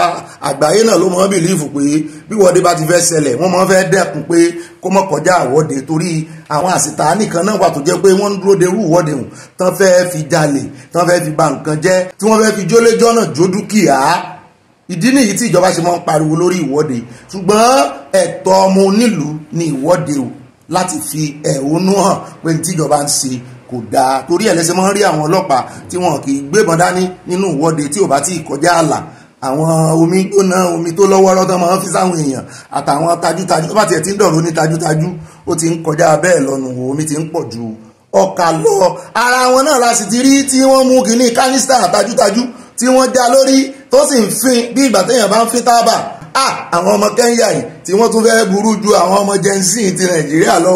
àgbáyé náà ló mọ̀ bìlífù pé bíwọ́de bá ti fẹ́ ṣẹlẹ̀ wọ́n mọ̀ fẹ́ dẹ́kun pé kó mọ̀ kọjá àwọ́de torí àwọn àsìta nìkan náà wà tó jẹ́ pé wọ́n ń dúró de irú ìwọ́de hùn tán fẹ́ fi jalè tán fẹ́ fi ba nǹkan jẹ́ tí wọ́n fẹ́ fi jólé jọ́nà jó dúkìá ìdí nìyí tí ìjọba ṣe máa ń pariwo lórí ìwọ́de ṣùgbọ́n ẹ̀tọ́ ọmọ onílùú ni ìwọ́de o láti fi ẹ̀hónú hàn pé ní tíjọba ń ṣe kò dáa torí ẹ̀ lẹ́sẹ̀ máa ń rí àwọn ọlọ́pàá tí wọn kì í gbébọn dání nínú ìwọ́de tí ò bá tí ì kọjá ààlà àwọn omi gbóná omi tó lọ́wọ́rọ́ tán máa ń fi sáwọn èèyàn àtàwọn tajútajú tó bá tiẹ̀ ti ń dọ̀rọ̀ ní tajútajú ó ti ń kọjá bẹ́ẹ̀ lọ́nu omi ti ń pọ̀ ju ọkà lọ ara wọn náà la sì ti rí tí wọ́n mú kínní kánísítà tajútajú tí wọ́n já lórí tó sì ń fin bí ìgbà téèyàn bá ń fin tábà àwọn ọmọ Kẹ́ńyà yìí tí wọ́n tún fẹ́ burú ju àwọn ọmọ Gen Z ti Nàìjíríà lọ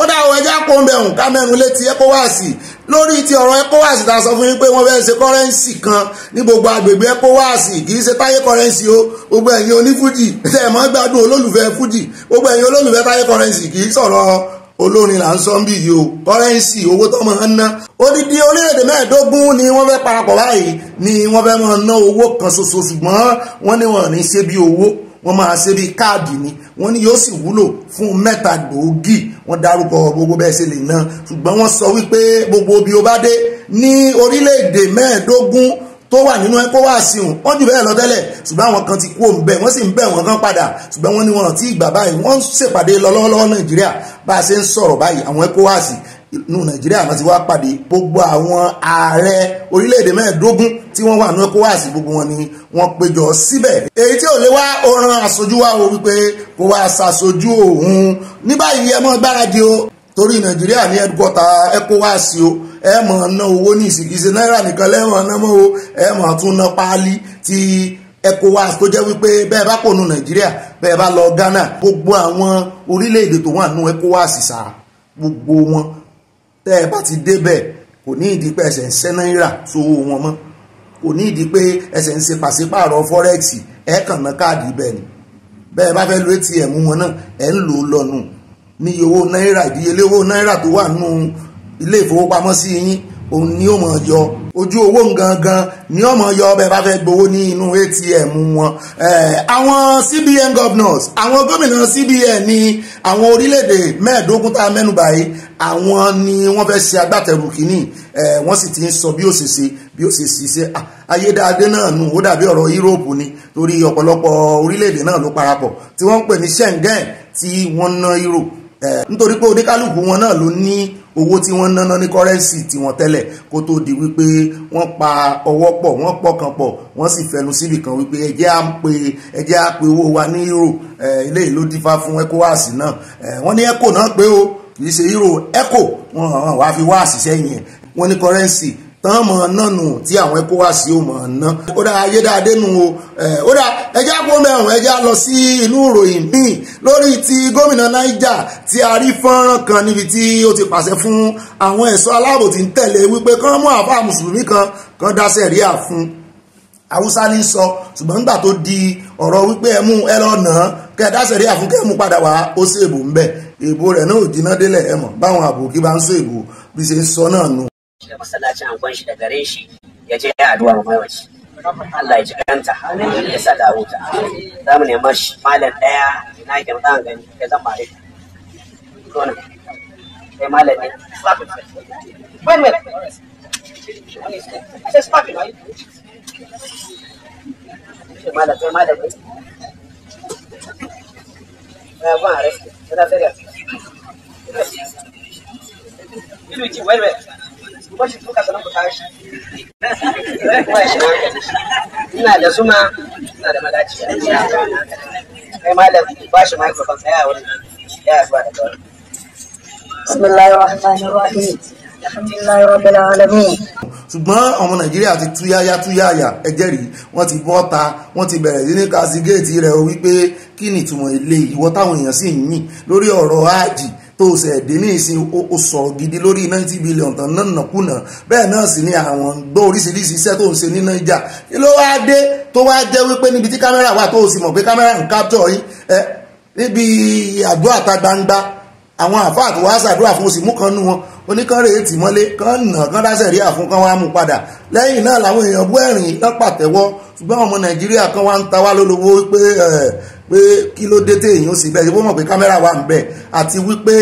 ó dá àwọn ẹja pọ̀ mẹ́rùn ká mẹ́rùn létí ECOWAS lórí ti ọ̀rọ̀ ECOWAS ta sọ fún yín pé wọ́n fẹ́ẹ́ ṣe kọ́rẹ́ǹsì kan ní gbogbo agbègbè ECOWAS kì í ṣe táyé kọ́rẹ́ǹsì o gbogbo ẹ̀yin onífújì tẹ̀ mọ́ gbádùn olólùfẹ́ fújì gbogbo ẹ̀yin olólùfẹ́ táyé kọ́rẹ́ǹsì kì í sọ̀rọ̀ olórin là ń sọ ń bì yìí o kọ́rẹ́ǹsì owó tọ́mọ ń ná odidi orílẹ̀ mẹ́ẹ̀ẹ́dógún ni wọ́n fẹ́ parapọ̀ báyìí ni wọ́n fẹ́ máa ná owó kan ṣoṣo ṣùgbọ́n wọ́n ní wọ́n ní ṣe bí owó wọ́n máa ṣe bí káàdì ni wọ́n ní yóò sì wúlò fún mẹ́ta gbòógì wọ́n dárúkọ gbogbo bẹ́ẹ̀ ṣe lè ná ṣùgbọ́n wọ́n sọ wípé gbogbo bí o bá dé ní orílẹ̀-èdè mẹ́ẹ̀ẹ́dógún tó wà nínú ECOWAS hùn wọ́n jù bẹ́ẹ̀ lọ tẹ́lẹ̀ ṣùgbọ́n àwọn kan ti kú òun bẹ́ẹ̀ wọ́n sì ń bẹ̀ wọ́n kan padà ṣùgbọ́n wọ́n ní wọn tí ìgbà báyìí wọ́n ṣèpàdé lọ́lọ́lọ́wọ́ Nàìjíríà bá a ṣe ń sọ̀rọ̀ báyìí àwọn ECOWAS inú nàìjíríà náà ti wá pàdé gbogbo àwọn ààrẹ orílẹ̀-èdè mẹ́ẹ̀ẹ́dógún tí wọ́n wà ní ECOWAS gbogbo wọn ni wọ́n péjọ síbẹ̀ èyí tí ò lè wá oran àṣojú wa o wípé kó wá ṣàṣojú òun ní báyìí ẹ mọ́ gbáradì o torí nàìjíríà ní ẹdúkọta ECOWAS o ẹ mọ̀ ná owó ní ìsìnkìsì náírà nìkan lẹ́wọ̀n ná mọ́ o ẹ mọ̀ tún ná páálí ti ECOWAS tó jẹ́ wípé bẹ́ẹ̀ bá kò nu nàìjíríà bẹ́ẹ̀ bá lọ Ghana gbogbo àwọn orílẹ̀-èdè tó wà nù ECOWAS sá gbogbo wọn tẹ́ ẹ bá ti débẹ̀ kò ní ìdí pé ẹsẹ̀ ń ṣẹ́ náírà sówó wọn mọ́ kò ní ìdí pé ẹsẹ̀ ń ṣe pàṣípààrọ̀ fọ́rẹ́ẹ̀tì ẹ kàn ná káàdì ibẹ̀ ni bẹ́ẹ̀ bá fẹ́ lo atm wọn náà ẹ ń lò ó lọ́nu ní iye owó náírà ìdíyelé owó náírà tó wà nù ilé ìfowópamọ́sí yín òun ni ó mọ̀ yọ ojú owó gangan ni ọmọ yọ ọbẹ̀ bá fẹ́ gbowó ní inú atm wọn àwọn cbn governors àwọn gómìnà cbn ní àwọn orílẹ̀-èdè mẹ́ẹ̀ẹ́dógún tá a mẹ́nubà yìí àwọn ni wọ́n fẹ́ ṣe agbátẹrù kínní wọ́n sì ti ń sọ bí ó ṣe ṣe bí ó ṣe ṣiṣẹ́ ayédáadé náà nù ó dàbí ọ̀rọ̀ yúróòpù ni torí ọ̀pọ̀lọpọ̀ orílẹ̀-èdè náà ló parapọ̀ tí wọ́n ń pè ní Schengen tí wọ́n ná euro nítorí pé oníkálukú wọn náà ló ní owó tí wọ́n náná ní kọ́rẹ́ǹsì tí wọ́n tẹ́lẹ̀ kó tó di wípé wọ́n pa ọwọ́ pọ̀ wọ́n pọkàn pọ̀ wọ́n sì fẹnu síbì kan wípé ẹ jẹ́ á pe ẹ jẹ́ á pe owó wa ní euro eléyìí ló dífá fún ECOWAS náà wọ́n ní eco náà pé o kì í ṣe euro eco wọn wá fi wá àṣìṣe yẹn wọ́n ní kọ́rẹ́ǹsì tán mọ̀ nánu tí àwọn ECOWAS ò mọ̀ ná. ó dáa ayé dáadé nu o ó dáa ẹja kó mẹ́rùn ẹja lọ sí inú ìròyìn míì lórí ti gómìnà Niger tí a rí fọ́nrán kan níbi tí ó ti pàṣẹ fún àwọn ẹ̀ṣọ́ aláàbò tí ń tẹ̀lé wípé kán mú àbá mùsùlùmí kan kán dá sẹ̀ríà fún un haúsá ní sọ ṣùgbọ́n nígbà tó di ọ̀rọ̀ wípé ẹmú ẹ lọ nà án kẹ ẹ dáṣẹ̀ rí àfúnkẹ́ mú padà wá ó ṣèbò ń bẹ̀ èbò rẹ̀ náà ò jiná délẹ̀ ẹ mọ̀ báwọn shiga masallaci an kwanshi da gare shi ya je ya addu'a ma mawaci Allah ya ji ganta ya sa ta huta za mu nema shi malam daya na yake mu gani ya zan mare ko ne sai malam ne malam malam ne bashi duka sanan ku tashi kuma shi ina da zuma ina da malaci kai malam bashi microphone tsaya wurin ya zuwa da kawai ṣùgbọ́n ọmọ nàìjíríà ti túyáyá túyáyá ẹjẹ́rìí wọ́n ti bọ́ ta wọ́n ti bẹ̀rẹ̀ sí ní kásígéètì rẹ̀ wípé kí nìtumọ̀ ilé ìwọ táwọn èèyàn sì ń yìn lórí ọ̀rọ̀ áàjì tó o ṣẹ̀ ní ìsìn o sọ̀rọ̀ gidi lórí ninety billion tán náà nàkúnà bẹ́ẹ̀ náà sì ni àwọn gbọ́ oríṣiríṣi iṣẹ́ tó ń ṣe ní naija kí ló wá dé tó wá jẹ́ wípé níbi tí kámẹ́rà wà tó o sì mọ̀ pé kámẹ́rà ń capture yín ẹ níbi àdó àta gbangba àwọn àfáà tó wá ṣàdúrà fún oṣù mú kan nú wọn oníkan rèé tì mọ́lé kan nà kan dá sẹ̀rí àfún kan wá mú padà lẹ́yìn náà làwọn èèyàn bú ẹ̀rìn lọ́pàtẹ́wọ́ ṣùgbọ́n ọmọ nàìjíríà kan wá ń ta wá lólobó pé pé kí ló dé téèyàn sì bẹ́ẹ̀ wọ́n mọ̀ pé kámẹ́rà wà ń bẹ̀ àti wípé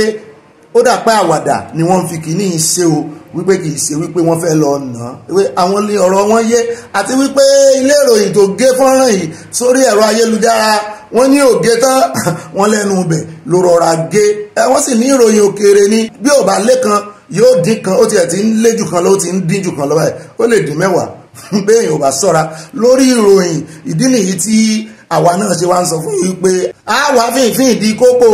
ó dà pé àwàdà ni wọ́n fi kì í ní ṣe o wípé kì í ṣe wípé wọ́n fẹ́ lọ nà án wípé àwọn ilé ọ̀rọ̀ wọn yé àti wípé ilé ìròyìn tó gé fọ́nrán yìí sórí ẹ̀rọ ayélujára wọ́n ní ògé tán *laughs* wọ́n lẹ́nu ibẹ̀ ló rọra gé wọ́n sì ní ìròyìn òkèèrè ni bí ò bá lé kan yóò dín kan ó tiẹ̀ ti ń lé jù kan lọ ó ti ń dín jù kan lọ báyìí ó lè dín mẹ́wàá *laughs* béèyàn ò bá sọ́ra lórí ìròyìn ìdí nìyí tí àwa náà ṣe wá ń sọ fún yín pé àwa fìfín ìdí kókó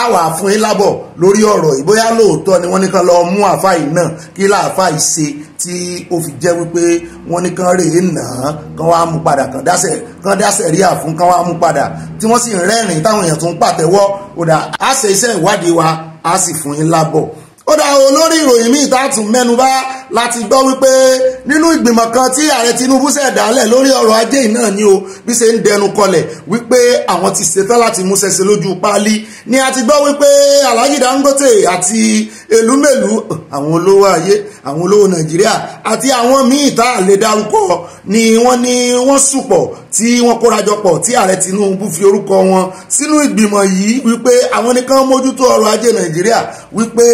àwa fún yín lábọ̀ lórí ọ̀rọ̀ yìí bóyá lóòótọ́ ni wọ́n ní kan lọ mú àfa yìí náà kí láàfa yìí ṣe tí ó fi jẹ́ wípé wọ́n ní kan rèé nà án kan wá mú padà kan dáṣẹ̀ kan dáṣẹ̀ rí àfún kan wá mú padà tí wọ́n sì rẹ́rìn táwọn èèyàn tún pàtẹ́wọ́ ó dà ṣe iṣẹ́ ìwádìí wa á sì fún yín lábọ̀ ó dá olórí ìròyìn míì tààtù mẹ́nubà láti gbọ́ wípé nínú ìgbìmọ̀ kan tí ààrẹ Tinubu ṣẹ̀ dálẹ̀ lórí ọ̀rọ̀ ajé náà ni o bí ṣe ń dẹnu kọlẹ̀ wípé àwọn ti ṣetán láti múṣẹ́ ṣe lójú páálí ni a ti gbọ́ wípé Alhaji Dangote àti elumelu àwọn olówó ayé àwọn olówó Nàìjíríà àti àwọn míì tá a lè dárúkọ ni wọ́n ni wọ́n sùpọ̀ tí wọ́n kórajọpọ̀ tí ààrẹ Tinubu fi orúkọ wọn sínú ìgbìmọ̀ yìí wípé àwọn nìkan mójútó ọrọ̀ ajé Nàìjíríà wípé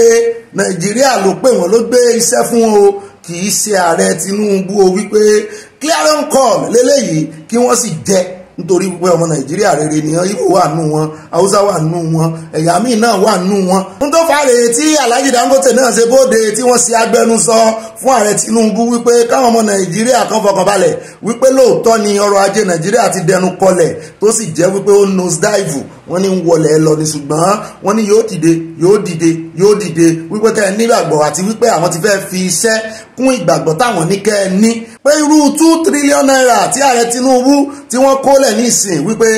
nàìjíríà ló pè wọ́n ló gbé iṣẹ́ fún o kì í ṣe ààrẹ tinubu o wípé clearon call lélẹ́yìí kí wọ́n sì jẹ́ nítorí wípé ọmọ nàìjíríà rere nìyẹn ibo wà nù wọn haúsá wà nù wọn ẹ̀yà míì náà wà nù wọn. ohun tó fà rèé tí alhaji dangote náà ṣe bóde tí wọ́n ṣe agbẹnusọ fún ààrẹ tinubu wípé káwọn ọmọ nàìjíríà kan fọkànbalẹ̀ wípé lóòótọ́ ni ọrọ̀ ajé nàìjíríà ti dẹnu kọlẹ̀ tó sì jẹ́ wípé ó nose dive wọ́n ní ń wọlé lọ ní ṣùgbọ́n wọ́n ní yóò dìde yóò dìde yóò dìde wípé kẹ́ ẹ nígbàgbọ́ àti wípé àwọn ti fẹ́ fi iṣẹ́ kún ìgbàgbọ́ táwọn ní kẹ́ ẹ ní pé irú two trillion naira tí ààrẹ Tinubu tí wọ́n kólẹ̀ nísìn wípé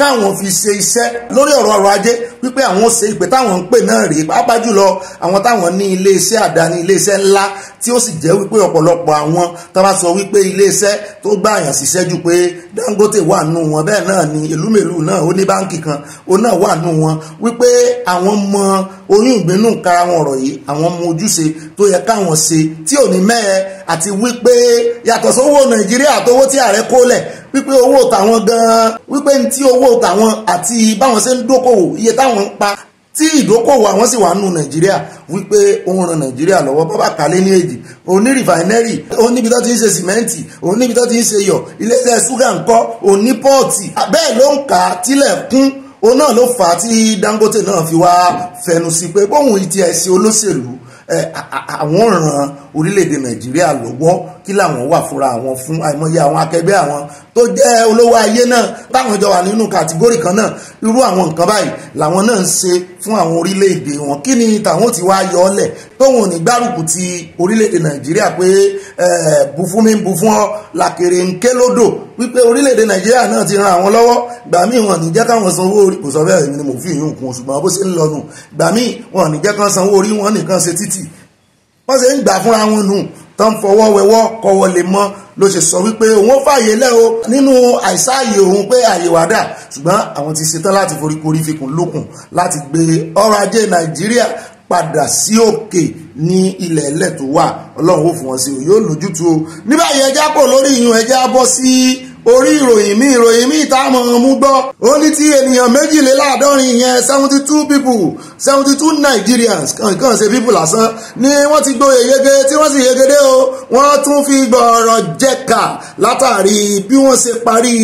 káwọn fi ṣe iṣẹ́ lórí ọ̀rọ̀ ọrọ̀ ajé wípé àwọn ó ṣe ìpè táwọn ń pè náà rèé pàápàá jùlọ àwọn táwọn ní iléeṣẹ́ àdáni iléeṣẹ́ ńlá tí ó sì jẹ́ wípé ọ̀pọ̀lọpọ̀ àwọn tá bá sọ wípé iléeṣẹ́ tó gbààyàn ṣiṣẹ́ jù pé Dangote wà nù wọn bẹ́ẹ̀ náà ni èlúmèlú náà ó ní báǹkì kan òun náà wà nù wọn wípé àwọn mọ oyún ìgbénú kára wọn ọ̀rọ̀ yìí àwọn ọmọ ojúṣe tó yẹ káwọn ṣe tí ò ní mẹ́ẹ̀ àti wípé yàtọ̀ sówó nàìjíríà tówó tí ààrẹ kó lẹ̀ wípé owó tàwọn gan-an wípé ní tí owó tàwọn àti báwọn ṣe ń dókòwò iye táwọn ń pa tí ìdókòwò àwọn sì wà nù nàìjíríà wípé ó ń ran nàìjíríà lọ́wọ́ bàbá kálé ní èjì òní rìfàìnẹ́rì oníbi tó ti ń ṣe sìmẹ́ǹtì oníbi tó ti ń ṣe yọ̀ iléeṣẹ́ ṣúgà ńkọ́ òní pọ́ọ̀tì bẹ́ẹ̀ ló ń kà á tílẹ̀ kún òun náà ló fà á tí Dangote náà fi wá fẹnu sí pé bóun ti ẹ̀sìn olóṣèlú àwọn ràn orílẹ̀-èdè Nàìjíríà lọ́wọ́ kí làwọn wà fúnra àwọn fún àìmọye àwọn akẹgbẹ́ àwọn tó jẹ́ olówó ayé náà báwọn jọ wà nínú kàtígórì kan náà irú àwọn nǹkan báyìí làwọn náà ń ṣe fún àwọn orílẹ̀-èdè wọn kí ni tàwọn ti wá yọ ọ́lẹ̀ tóun ò ní gbárùkù ti orílẹ̀-èdè nàìjíríà pé bu fún mi bu fún ọ làkèrè ń ké lódò wípé orílẹ̀-èdè nàìjíríà náà ti ran àwọn lọ́wọ́ gbà mí wọn ní jẹ́ káwọn sanwó orí kò sọ bẹ́ẹ̀ ni mo fi ìyún kun ṣùgbọ́n bó ṣe ń lọ nù gbà mí wọn ní jẹ́ kán sanwó orí wọn nìkan ṣe títì wọ́n ṣe ń gbà fúnra wọn nù tó ń fọwọ́ wẹwọ́ kọwọ́ lè mọ́ ló ṣe sọ wípé òun ó fààyè lẹ́ o nínú àìsáàyè òun pé ààyè wà dà ṣùgbọ́n àwọn ti ṣetán láti forí korí fikùn lókun láti gbé ọrọ̀ ajé nàìjíríà padà sí òkè ní ilẹ̀ ẹlẹ́ tó wà ọlọ́run ó fún wọn sí o yóò lójútu o ní báyìí ẹja kò lórí ìyún ẹja bọ́ sí orí ìròyìn mi ìròyìn mi ìta àmọ̀ràn mú gbọ́ ó ní tí ènìyàn méjìléláàádọ́rin ìyẹn seventy two people seventy two Nigerians kàn ṣe people lásán ni wọ́n ti gbóyè yege tí wọ́n sì yegede o wọ́n tún fi gbọ̀ọ̀rọ̀ jẹ́ka látàrí bí wọ́n ṣe parí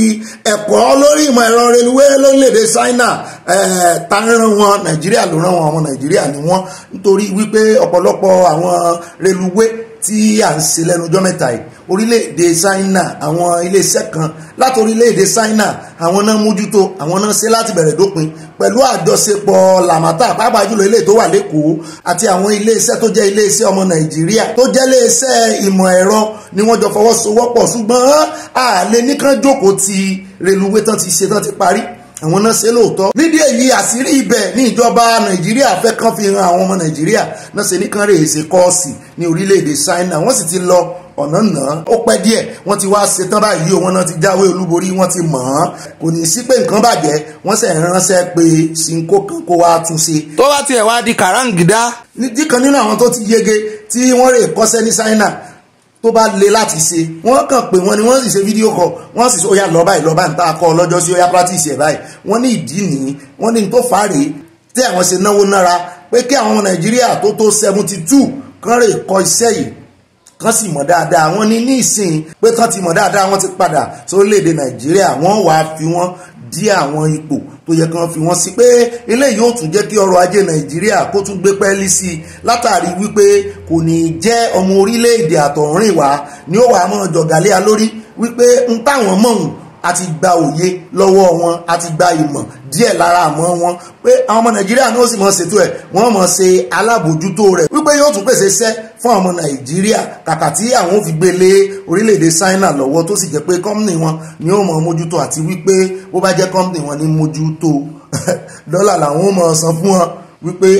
ẹ̀kọ́ lórí ìmọ̀ ẹ̀rọ reluwé lórílẹ̀‐èdè China ta ń ran wọn Nàìjíríà ló ran wọn ọmọ Nàìjíríà ni wọ́n nítorí wípé ọ̀pọ̀lọpọ̀ àwọn reluwé tí à ń ṣe lẹ́nu ọjọ́ mẹ́ta yìí orílẹ̀-èdè China àwọn iléeṣẹ́ kan láti orílẹ̀-èdè China àwọn náà mójútó àwọn náà ṣe láti bẹ̀rẹ̀ dópin pẹ̀lú àjọṣepọ̀ làmátà pàápàá jùlọ ilé tó wà lẹ́kọ̀ọ́ àti àwọn iléeṣẹ́ tó jẹ́ iléeṣẹ́ ọmọ Nàìjíríà tó jẹ́ iléeṣẹ́ ìmọ̀ ẹ̀rọ ni wọ́n jọ fọwọ́sowọ́pọ̀ ṣùgbọ́n àlè nìkan jókòó ti reluwé tán ti ṣe tán ti parí àwọn náà ṣe lóòótọ́ nídìí èyí àṣírí ibẹ̀ ní ìjọba nàìjíríà fẹ́ kàn fi hàn àwọn ọmọ nàìjíríà náà ṣe nìkan rèé ṣe kọ́ọ̀sì ní orílẹ̀-èdè China wọ́n sì ti lọ ọ̀nà nà ó pẹ́ díẹ̀ wọ́n ti wá ṣetán báyìí o wọ́n náà ti jáwé olúborí wọ́n ti mọ̀ ọ́n kò ní sí pé nǹkan bàjẹ́ wọ́n sì ránṣẹ́ pé ṣìnkó kan kó wá tún ṣe. tó bá tiẹ̀ wá di kàráǹgídá. nídìí kan nínú àwọn tó ti yege tí wọ́n rè kọ́ṣẹ́ ní ṣáínà tó bá le láti ṣe wọ́n kàn pé wọ́n ni wọ́n sì ṣe fídíò kọ wọ́n sì ó yá lọ báyìí lọ báyìí tá a kọ́ ọ lọ́jọ́ sí ó yá practice ẹ̀ báyìí wọ́n ní ìdí nìyí wọ́n ní tó fàárẹ̀ tí àwọn ṣe náwó nára pé kí àwọn ọmọ nàìjíríà tó tó seventy two kan rè kọ́ iṣẹ́ yìí kán sì mọ̀ dáadáa wọ́n ní ní ìsìn pé kán ti mọ̀ dáadáa wọ́n ti padà sórílẹ̀-èdè nàìjíríà wọ́n wàá fi wọ́n dí àwọn ipò tó yẹ kán fi wọ́n sí pé eléyìí yóò tún jẹ́ kí ọrọ̀ ajé nàìjíríà kó tún gbé pẹ́ẹ́lí sí i látàrí wípé kò ní jẹ́ ọmọ orílẹ̀-èdè àtọ̀rìn wá ni ó wàá mọ̀ jọ̀gálẹ́à lórí wípé ń táwọn mọ̀hún a ti gba òye lọ́wọ́ wọn a ti gba ìmọ̀ díẹ̀ lára àmọ́ wọn pé àwọn ọmọ nàìjíríà ní ó sì mọ̀ ṣètò ẹ̀ wọ́n mọ̀ ṣe alábòjútó rẹ̀ wípé yóò tún pèsè iṣẹ́ fún ọmọ nàìjíríà kàkà tí àwọn ò fi gbé lé orílẹ̀-èdè China lọ́wọ́ tó sì jẹ́ pé kọ́mìnì wọn ni ó mọ̀ mójútó àti wípé bó bá jẹ́ kọ́mìnì wọn ni mójútó *laughs* dọ́là làwọn ó mọ̀ san fún wọn wípé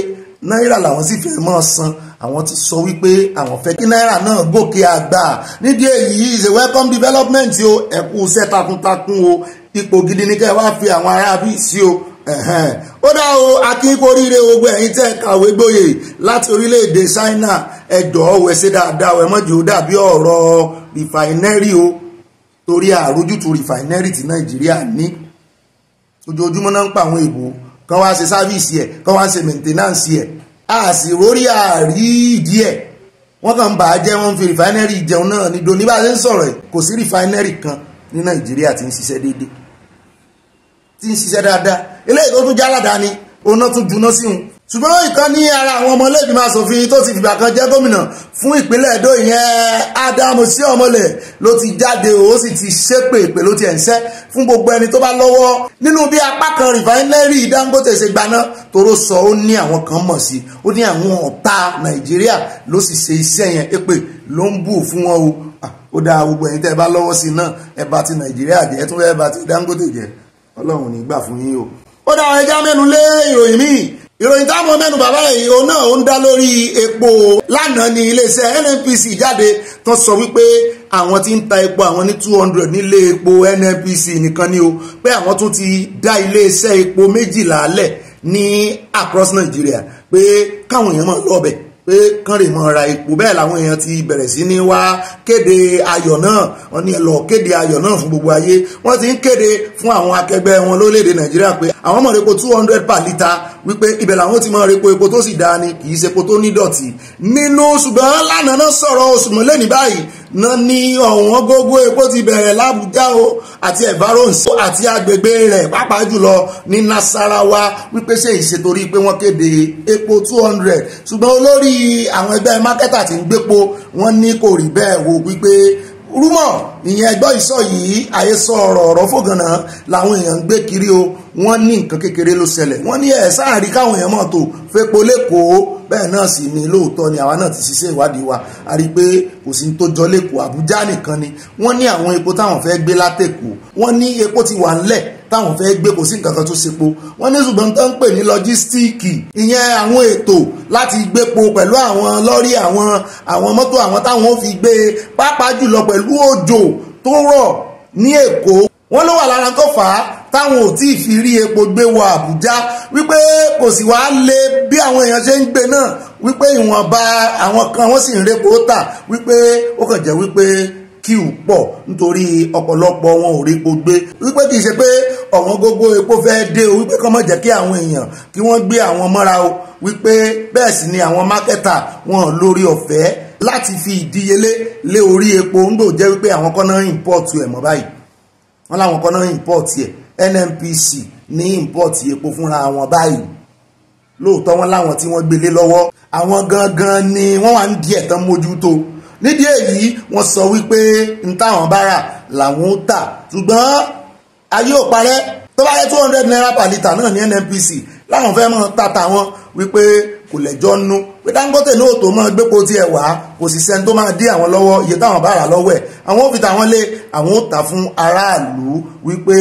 náírà làwọn sì fẹ́ mọ̀ san àwọn ti sọ wípé àwọn fẹ́ kí náírà náà gòkè àgbà nídìí èyí is a welcome development o ẹ kú iṣẹ́ takuntakun o ipò gidi ní kẹ́ wá fi àwọn aráàbí sí o ó dá o akínkóríire ogbó ẹ̀yin tẹ́ kàwé gbòye láti orílẹ̀-èdè China ẹ̀dọ́ ọ̀wẹ̀ ṣe dáadáa ọ̀wẹ̀ mọ́jú dàbí ọ̀rọ̀ rìfàìnẹ́rì o torí àrójútu rìfàìnẹ́rì ti Nàìjíríà ní ojoojúmọ́ náà ń pa àwọn èbò kan wá ṣe sáfíìsì ẹ̀ kan wá ṣe mẹ̀ǹtẹ́náǹsì ẹ̀ a sì rórí àárí ìdí ẹ̀ wọ́n kàn ń bà á jẹ́ wọ́n ń fi rìfáínẹ́rì jẹun náà ní doni bá a ń sọ̀rọ̀ kò sí rìfáínẹ́rì kan ní nàìjíríà tí ń ṣiṣẹ́ déédéé tí ń ṣiṣẹ́ dáadáa eléyìí tó tún jáládàá ni oná tún juná sí òun ṣùgbọ́n ìkan ní ara àwọn ọmọlẹ́bí máa ṣòfin tó ti fìgbà kan jẹ́ gómìnà fún ìpínlẹ̀ Ẹdó ìyẹn Ádámù sí ọmọlẹ̀ ló ti jáde ó sì ti ṣépè pé ló ti ẹ̀ ń ṣẹ́ fún gbogbo ẹni tó bá lọ́wọ́ nínú bí apá kan rìfáínẹ́rì Dangote ṣe gbaná tóró sọ ó ní àwọn kan mọ̀ sí ó ní àwọn ọ̀tá Nàìjíríà ló sì ṣe iṣẹ́ yẹn èpè ló ń bù fún wọn o ó dáa gbogbo ẹ̀yin tẹ́ ẹ bá lọ́wọ́ sí náà ẹ bá ti Nàìjíríà jẹ́ ẹ tún fẹ́ bá ti Dangote jẹ́ Ọlọ́run ní gbà fún yín o ó dáa ẹja mẹ́nu lé ìròyìn míì ìròyìn táwọn mẹ́nu bàbá yìí òun náà ó ń dá lórí epo lánàá ní iléeṣẹ́ NNPC jáde tó sọ wípé àwọn tí ń ta epo àwọn ní two hundred nílé epo NNPC nìkan ni o pé àwọn tún ti dá iléeṣẹ́ epo méjìlá lẹ̀ ní across Nigeria pé káwọn èèyàn máa lọ bẹ̀ pé kánrè mọ́ ra epo bẹ́ẹ̀ làwọn èèyàn ti bẹ̀rẹ̀ sí ní wá kéde ayọ̀ náà wọ́n ní ẹ lọ kéde ayọ̀ náà fún gbogbo ayé wọ́n ti ń kéde fún àwọn akẹgbẹ́ wọn lórílẹ̀ nàìjíríà pé àwọn mọ̀ repo two hundred per litre wípé ibẹ̀ làwọn ti mọ̀ repo epo tó sì dáa ni kì í ṣe epo tó ní dọ̀tí nínú ṣùgbọ́n lánàá náà sọ̀rọ̀ oṣù mọ́lẹ́ni báyìí náà ní ọ̀wọ́n gógó epo ti bẹ̀rẹ̀ lábújá o àti ẹ̀báròǹsì àti agbègbè rẹ̀ pàápàá jùlọ ní Nasarawa wípé ṣe ìṣètòrí pé wọ́n kéde epo two hundred ṣùgbọ́n olórí àwọn ẹgbẹ́ mákẹ́tà tí ń gbépo wọ́n ní kò rí bẹ́ẹ̀ wò wípé rúmọ̀ ìyẹn ẹgbọ́ ìsọ yìí àhesọ ọ̀rọ̀ ọ̀rọ̀ fògànà làwọn èèyàn ń gbé kiri o wọ́n ní nǹkan kékeré ló ṣẹlẹ̀ wọ́n ní ẹ̀ sáà rí káwọn èèyàn mọ̀ tó fẹ́po lẹ́kọ̀ọ́ bẹ́ẹ̀ náà sì ni lóòótọ́ ni àwa náà ti ṣiṣẹ́ ìwádìí wa a rí i pé kò sí tó jọ lẹ́kọ̀ọ́ Àbújá nìkan ni wọ́n ní àwọn epo táwọn fẹ́ gbé látẹ̀kọ́ wọ́n ní epo ti wà ńlẹ̀ táwọn fẹ́ gbé kò sí nǹkan kan tó ṣepo wọ́n ní ṣùgbọ́n tó ń pè ní lọ́jístíìkì ìyẹn àwọn ètò láti gbépo pẹ̀lú àwọn lọ́rí àwọn àwọn mọ́tò àwọn táwọn ò fi gbé e, pàápàá jùlọ pẹ̀lú òjò tó rọ̀ ní Èkó wọ́n ló wà lára tó fà á táwọn ò tí ì fi rí epo gbé wọ Àbújá wípé kò sì wá lé bí àwọn èèyàn ṣe ń gbé náà wípé ìwọ̀nba àwọn kan wọ́n sì ń repo tà wípé ó kàn jẹ́ wípé kíù pọ̀ nítorí ọ̀pọ̀lọpọ̀ wọn ò repo gbé wípé kì í ṣe pé ọ̀wọ́n gógó epo fẹ́ dé o wípé kàn má jẹ́ kí àwọn èèyàn kí wọ́n gbé àwọn mọ́ra o wípé bẹ́ẹ̀ sì ni àwọn mákẹ́tà wọn lórí ọ̀fẹ́ láti fi ìdíyelé lé orí epo ń gbò jẹ́ wípé àwọn kan náà import ẹ̀ mọ́ báyìí wọ́n láwọn kan náà import ẹ̀ NNPC ní import epo fúnra wọn báyìí lóòótọ́ wọn láwọn tí wọ́n gbélé lọ́wọ́ àwọn gangan ni wọ́n wà ń di ẹ̀tàn mójútó nídìí èyí wọ́n sọ wípé n táwọn bá rà làwọn ó tà ṣùgbọ́n ayé ò parẹ́ tó bá yẹ two hundred naira per litre náà ní NNPC láwọn fẹ́ mọ́ tata wọn wípé kò lẹ́jọ́ nú pé Dangote ní òtò mọ́ gbépo tiẹ̀ wá kò sì sẹ́ni tó máa dí àwọn lọ́wọ́ iye táwọn bá rà lọ́wọ́ ẹ̀ àwọn ò fi tàwọn lé àwọn ò tà fún aráàlú wípé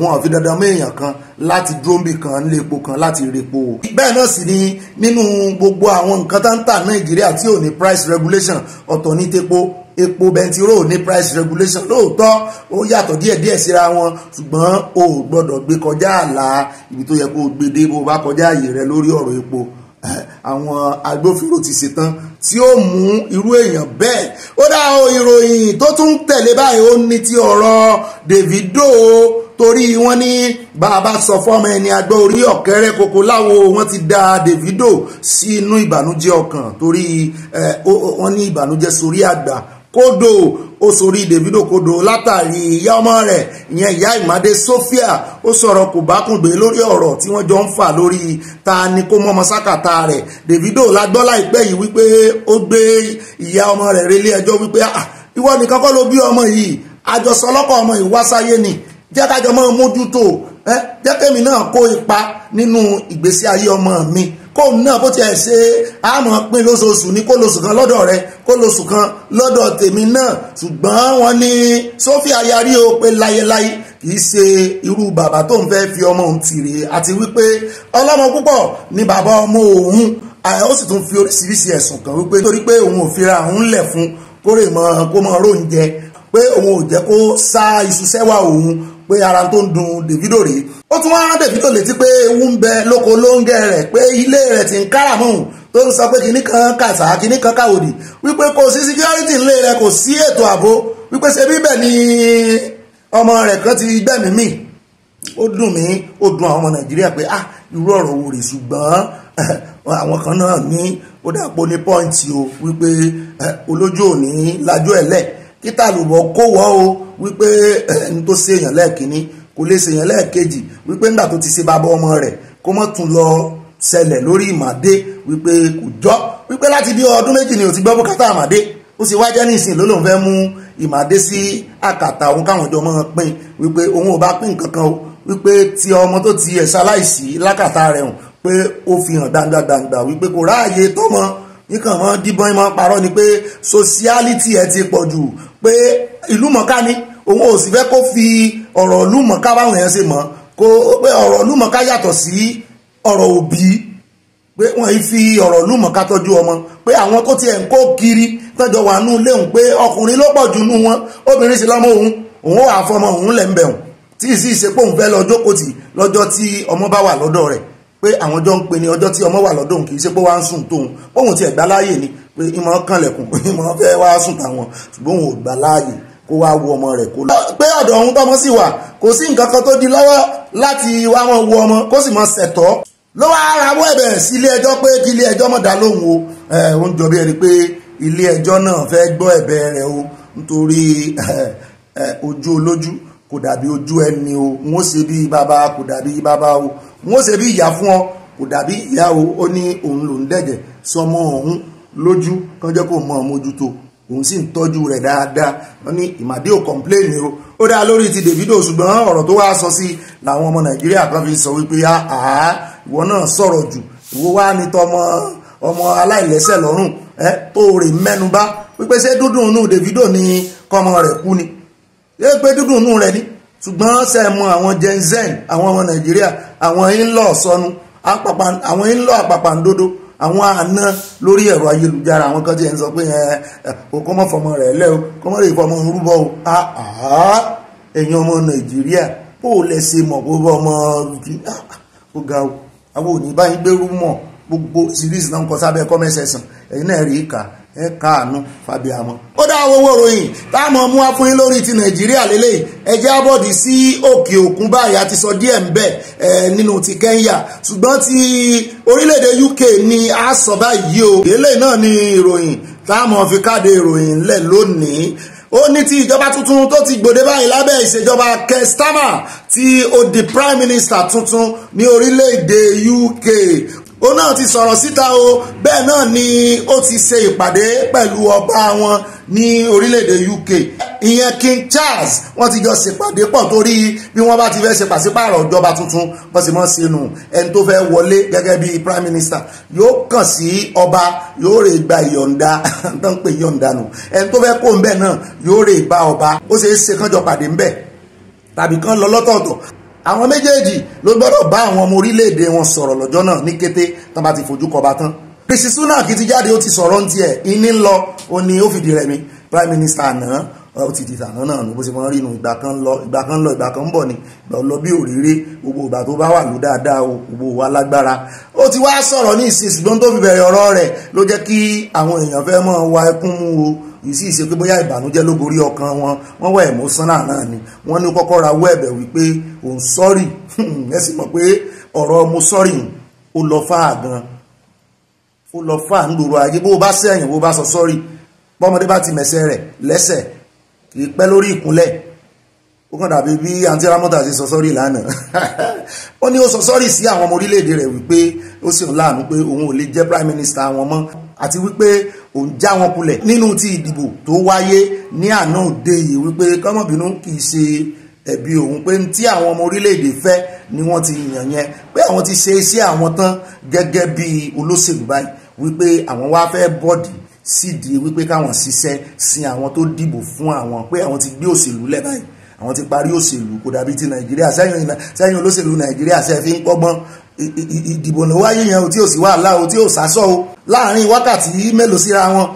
wọn ò fi dandan mọ́ èèyàn kan láti dúrómbì kan nílé epo kan láti repo. bẹ́ẹ̀ náà sì ni nínú gbogbo àwọn nǹkan tá ń tà Nàìjíríà tí ò ní price regulation ọ̀tọ̀ ní tepo epo bẹntiró ní price regulation lóòótọ́ ó yàtọ̀ díẹ̀díẹ̀ síra wọn ṣùgbọ́n o ò gbọ́dọ̀ gbé kọjá àlà ibi tó yẹ kó o gbé dé bó o bá kọjá àyè rẹ lórí ọ̀rọ̀ epo àwọn agbófinró ti ṣetán tí ó mú irú èèyàn bẹ́ẹ̀ ó dá ìròyìn tó tún tẹ̀lé báyìí ó ní ti ọ̀rọ̀ Davido torí wọn ní bàbá sọ fọmọ ẹni agbọ orí ọ̀kẹ́rẹ́ kòkó láwo wọn ti da Davido sí inú ọkàn torí wọn ní ìbànújẹ́ sórí àgbà kódò ó sorí Davido kódò látàrí ìyá ọmọ rẹ̀ ìyẹn ìyá ìmàdé Sophia ó sọ̀rọ̀ kò bá kùn gbé lórí ọ̀rọ̀ tí wọ́n jọ ń fà lórí ta ni kó mọ́mọ́ sákàtà rẹ̀ Davido la gbọ́ láìpẹ́ yìí wípé ó gbé ìyá ọmọ rẹ̀ relé ẹjọ́ wípé ah, ìwọ nìkan kọ́ ló bí ọmọ yìí àjọsọ ọlọ́kọ̀ ọmọ yìí ni jẹ́ kájọ mọ́ mójútó ẹ jẹ́ kẹ́mi náà kó ipa nínú ìgbésí ayé ọmọ mi kóun náà bó tiẹ̀ ṣe àmọ́ pín lóṣooṣù ní kó lóṣù kan lọ́dọ̀ rẹ kó lóṣù kan lọ́dọ̀ tèmi náà ṣùgbọ́n wọn ní Sophia yarí o pé láyéláyé kì í ṣe irú bàbá tó ń fẹ́ fi ọmọ òun tìrè àti wípé ọlọ́mọ púpọ̀ ni bàbá ọmọ òun ó sì tún fi oríṣiríṣi ẹ̀sùn kan wípé torí pé òun ò fira òun lẹ̀ fún kórè mọ́ kó mọ́ róúnjẹ pé òun ò jẹ́ kó sá iṣu òun pé ara tó ń dun Davido rèé ó tún wá rán Davido létí pé ewu ń bẹ lóko lóńgẹ rẹ̀ pé ilé rẹ̀ ti ń káràmọ́hùn tó ń sọ pé kinní kan kàṣà kinní kan káwòdì wípé kò sí síkírọ́rìtì ńlẹ̀ rẹ̀ kò sí ètò ààbò wípé ṣe bíbẹ̀ ni ọmọ rẹ̀ kan ti gbẹ̀mí mì ó dùn mí ó dùn àwọn ọmọ Nàìjíríà pé ah irú ọ̀rọ̀ wo rè ṣùgbọ́n *laughs* àwọn kan náà ní ó dàpọ̀ ní pọ́ǹtì o wípé eh, olójú òní lájọ́ ẹ̀lẹ́ẹ̀ kíta lùbọ̀ kó wọ́ o wípé eh, ẹni tó ṣe èèyàn lẹ́ẹ̀kínní kò lè ṣèyàn lẹ́ẹ̀kejì wípé ńgbà tó ti ṣe bàbá ọmọ rẹ̀ kó mọ́ tún lọ ṣẹlẹ̀ lórí ìmàdé wípé kò jọ́ wípé láti bí ọdún méjì ni ò ti gbọ́ bùkátà àmàdé ó sì wájẹ́ ní ìsìn lólóun fẹ́ mú ìmàdé sí àkàtà òun káwọn ọjọ́ máa pín wípé òun ò bá pín nǹkan kan o wípé ti ọmọ tó ti ẹ̀ ṣaláìsí lákàtà rẹ̀ hùn pé ó fi hàn dandandandan wípé kò ráàyè tọmọ nìkan mọ́ díbọ́n mọ́ parọ́ ni pé sociality ẹ ti pọ̀ jù pé ìlú mọ̀ká ni òun ò sì fẹ́ kó fi ọ̀rọ̀ ìlú mọ̀ká báwọn èèyàn ṣe mọ̀ kó pé ọ̀rọ̀ ìlú mọ̀ká yàtọ̀ sí ọ̀rọ̀ òbí pé wọ́n yìí fi ọ̀rọ̀ ìlú mọ̀ká tọ́jú ọmọ pé àwọn tó tiẹ̀ ń kó kiri tọ́jọ́ wà nú léhùn pé ọkùnrin ló pọ̀ jù nú wọn obìnrin sì lọ́mọ òun òun ò àfọmọ òun lẹ̀ ń bẹ̀hùn tí ì sì ṣe pé òun fẹ́ lọ jókòó tì lọ́jọ́ tí ọmọ bá wà lọ́dọ̀ rẹ̀ pé àwọn jọ ń pe ni ọjọ́ tí ọmọ wà lọ́dọ̀ òun kì í ṣe pé wàá ń sùn tóun póun tiẹ̀ gbá láàyè ni pé ìmọ̀ kànlẹ̀kùn ìmọ̀ fẹ́ wá sùn táwọn ṣùgbọ́n òun ò gbà láàyè kó wá wo ọmọ rẹ̀ kó lọ. pé ọ̀dọ̀ ọ̀hún tọ́mọ sì wa kò sí nǹkan kan tó di lọ́wọ́ láti wá wọn wo ọmọ kó sì mọ ṣẹ̀tọ́ ló wá rawọ́ ẹ̀bẹ̀ sí ilé ẹjọ́ pé kí ilé ẹjọ́ mọ̀ dá lóhùn o ó ń jọ bí ẹni pé ilé ẹjọ́ náà fẹ́ gbọ́ ẹ̀bẹ̀ rẹ̀ o nítorí ojú olójú kò dàbí ojú ẹni o n ó ṣe bí bàbá kò dàbí bàbá o n ó ṣe bí ìyá fún ọ kò dàbí ìyá o ó ní òun lòún dẹ̀jẹ̀ sọmọ òun lójú kán jẹ́ kó mọ àmójútó òun sì ń tọ́jú rẹ̀ dáadáa wọ́n ní ìmàdí ò kọ̀ǹpléènì o ó dá lórí ti Davido ṣùgbọ́n ọ̀rọ̀ tó wá sọ sí làwọn ọmọ Nàìjíríà kan fi sọ wípé àá ìwọ náà sọ̀rọ̀ jù ìwọ wá ní tọmọ ọmọ aláìlẹ́sẹ̀ lọ́rùn ẹ tó rè mẹ́nubà wípé ṣé dúdùn inú Davido ni kọ́mọ rẹ̀ kú ni ṣé pé dúdùn inú rẹ̀ ni ṣùgbọ́n ṣe mọ àwọn gen z àwọn ọmọ Nàìjíríà àwọn in-law sọnù àwọn àwọn àna lórí ẹ̀rọ ayélujára àwọn kan ti ẹ̀ ń sọ pé ẹ o kọ́ mọ́ fọmọ rẹ̀ lẹ́ o kọ́ mọ́ lè fọmọ rúbọ o àá ẹ̀yin ọmọ nàìjíríà bó o lẹ ṣe mọ̀ bó bá ọmọ ó ga o àwọn òní báyìí gbérú mọ̀ gbogbo series náà ń kọ sábẹ́ kọ́mẹ́sẹ̀sán ẹ̀yin náà rí i ẹ káàánú fàbíàmọ́. ó dá owó ròyìn táwọn ọmọ afúnni lórí ti nàìjíríà lélẹ́yìí ẹ jẹ́ àbọ̀dì sí òkè òkun báyìí a ti sọ díẹ̀ ń bẹ̀ nínú ti kẹ́ńyà ṣùgbọ́n ti orílẹ̀-èdè uk ni a sọ báyìí o eléyìí náà ni ìròyìn táwọn fi káde ìròyìn ńlẹ̀ lónìí ó ní ti ìjọba tuntun tó ti gbòde báyìí lábẹ́ ìṣèjọba kestama Ti ó di prime minister tuntun ní orílẹ̀-èdè UK òun náà ti sọ̀rọ̀ síta o bẹ́ẹ̀ náà ni ó ti ṣe ìpàdé pẹ̀lú ọba wọn ní orílẹ̀-èdè UK ìyẹn King Charles wọ́n ti jọ ṣèpàdé pọ̀ torí bí wọ́n bá ti fẹ́ ṣe pàṣípààrọ̀ ìjọba tuntun bọ́n sì mọ́ sínú ẹni tó fẹ́ wọlé gẹ́gẹ́ bí prime minister yóò kàn sí ọba yóò rè gba ìyọ̀ǹda *laughs* tó ń pè ìyọ̀ǹda nù ẹni tó fẹ́ kó ń bẹ̀ náà yóò rè gba ọba ó ṣeé ṣe kánjọ pàdé ń bẹ̀ tàbí kán lọ lọ́tọ̀ọ̀tọ̀ àwọn méjèèjì ló gbọ́dọ̀ bá àwọn ọmọ orílẹ̀-èdè wọn sọ̀rọ̀ lọ́jọ́ náà ní kété tán bá ti fojú kọba tán Rishi Sunak ti jáde ó ti sọ̀rọ̀ ń tiẹ̀ ìní ń lọ ó ó fìdí rẹmi prime minister náà ó ti di tàná náà ní bó ṣe máa ń ìgbà kan lọ ìgbà kan lọ ìgbà kan ń bọ̀ ni ìgbà lọ bí òréré gbogbo ìgbà tó bá wà ló dáadáa o gbogbo wa lágbára ó ti wá sọ̀rọ̀ ní ìsìn ṣùgbọ́n tó fi bẹ̀rẹ̀ ọ̀rọ̀ rẹ̀ ló jẹ́ kí àwọn èèyàn fẹ́ mọ́ wa ẹkún mú o ìsì ìṣe pé bóyá ìbànújẹ́ ló gorí ọkàn wọn wọ́n wà ẹ̀mọ́sánà náà ni wọ́n ní kọ́kọ́ ra wẹ́ẹ̀bẹ̀ *laughs* kì í pẹ́ lórí ìkúnlẹ̀ ó kàn dàbí bí àǹtí ramọ́tà ṣe sọ sọ́rí lánàá *laughs* ó ní ó sọ sọ́rí sí àwọn ọmọ orílẹ̀-èdè rẹ̀ wípé ó sì ń láàánú pé òun ò lè jẹ́ prime minister wọn mọ́ àti wípé òun já wọn kulẹ̀ nínú ti ìdìbò tó wáyé ní àná òde yìí wípé kọ́mọ̀bínú kì í ṣe ẹ̀bi òun pé tí àwọn ọmọ orílẹ̀-èdè fẹ́ ni wọ́n ti yàn yẹn pé àwọn ti ṣe iṣẹ́ àwọn tán gẹ́gẹ́ bí olóṣèlú báyìí wípé àwọn wá fẹ́ bọ́ọ̀dì sídìí wípé káwọn ṣiṣẹ́ sin àwọn tó dìbò fún àwọn pé àwọn ti gbé òṣèlú lẹ̀ báyìí àwọn ti parí òṣèlú kò dàbí ti nàìjíríà sẹ́yìn sẹ́yìn olóṣèlú nàìjíríà sẹ́yìn fi ń kọ́gbọ́n ìdìbò ló wáyé yẹn o tí ò sí wàhálà o tí ò sásọ o láàrin wákàtí mélòó síra wọn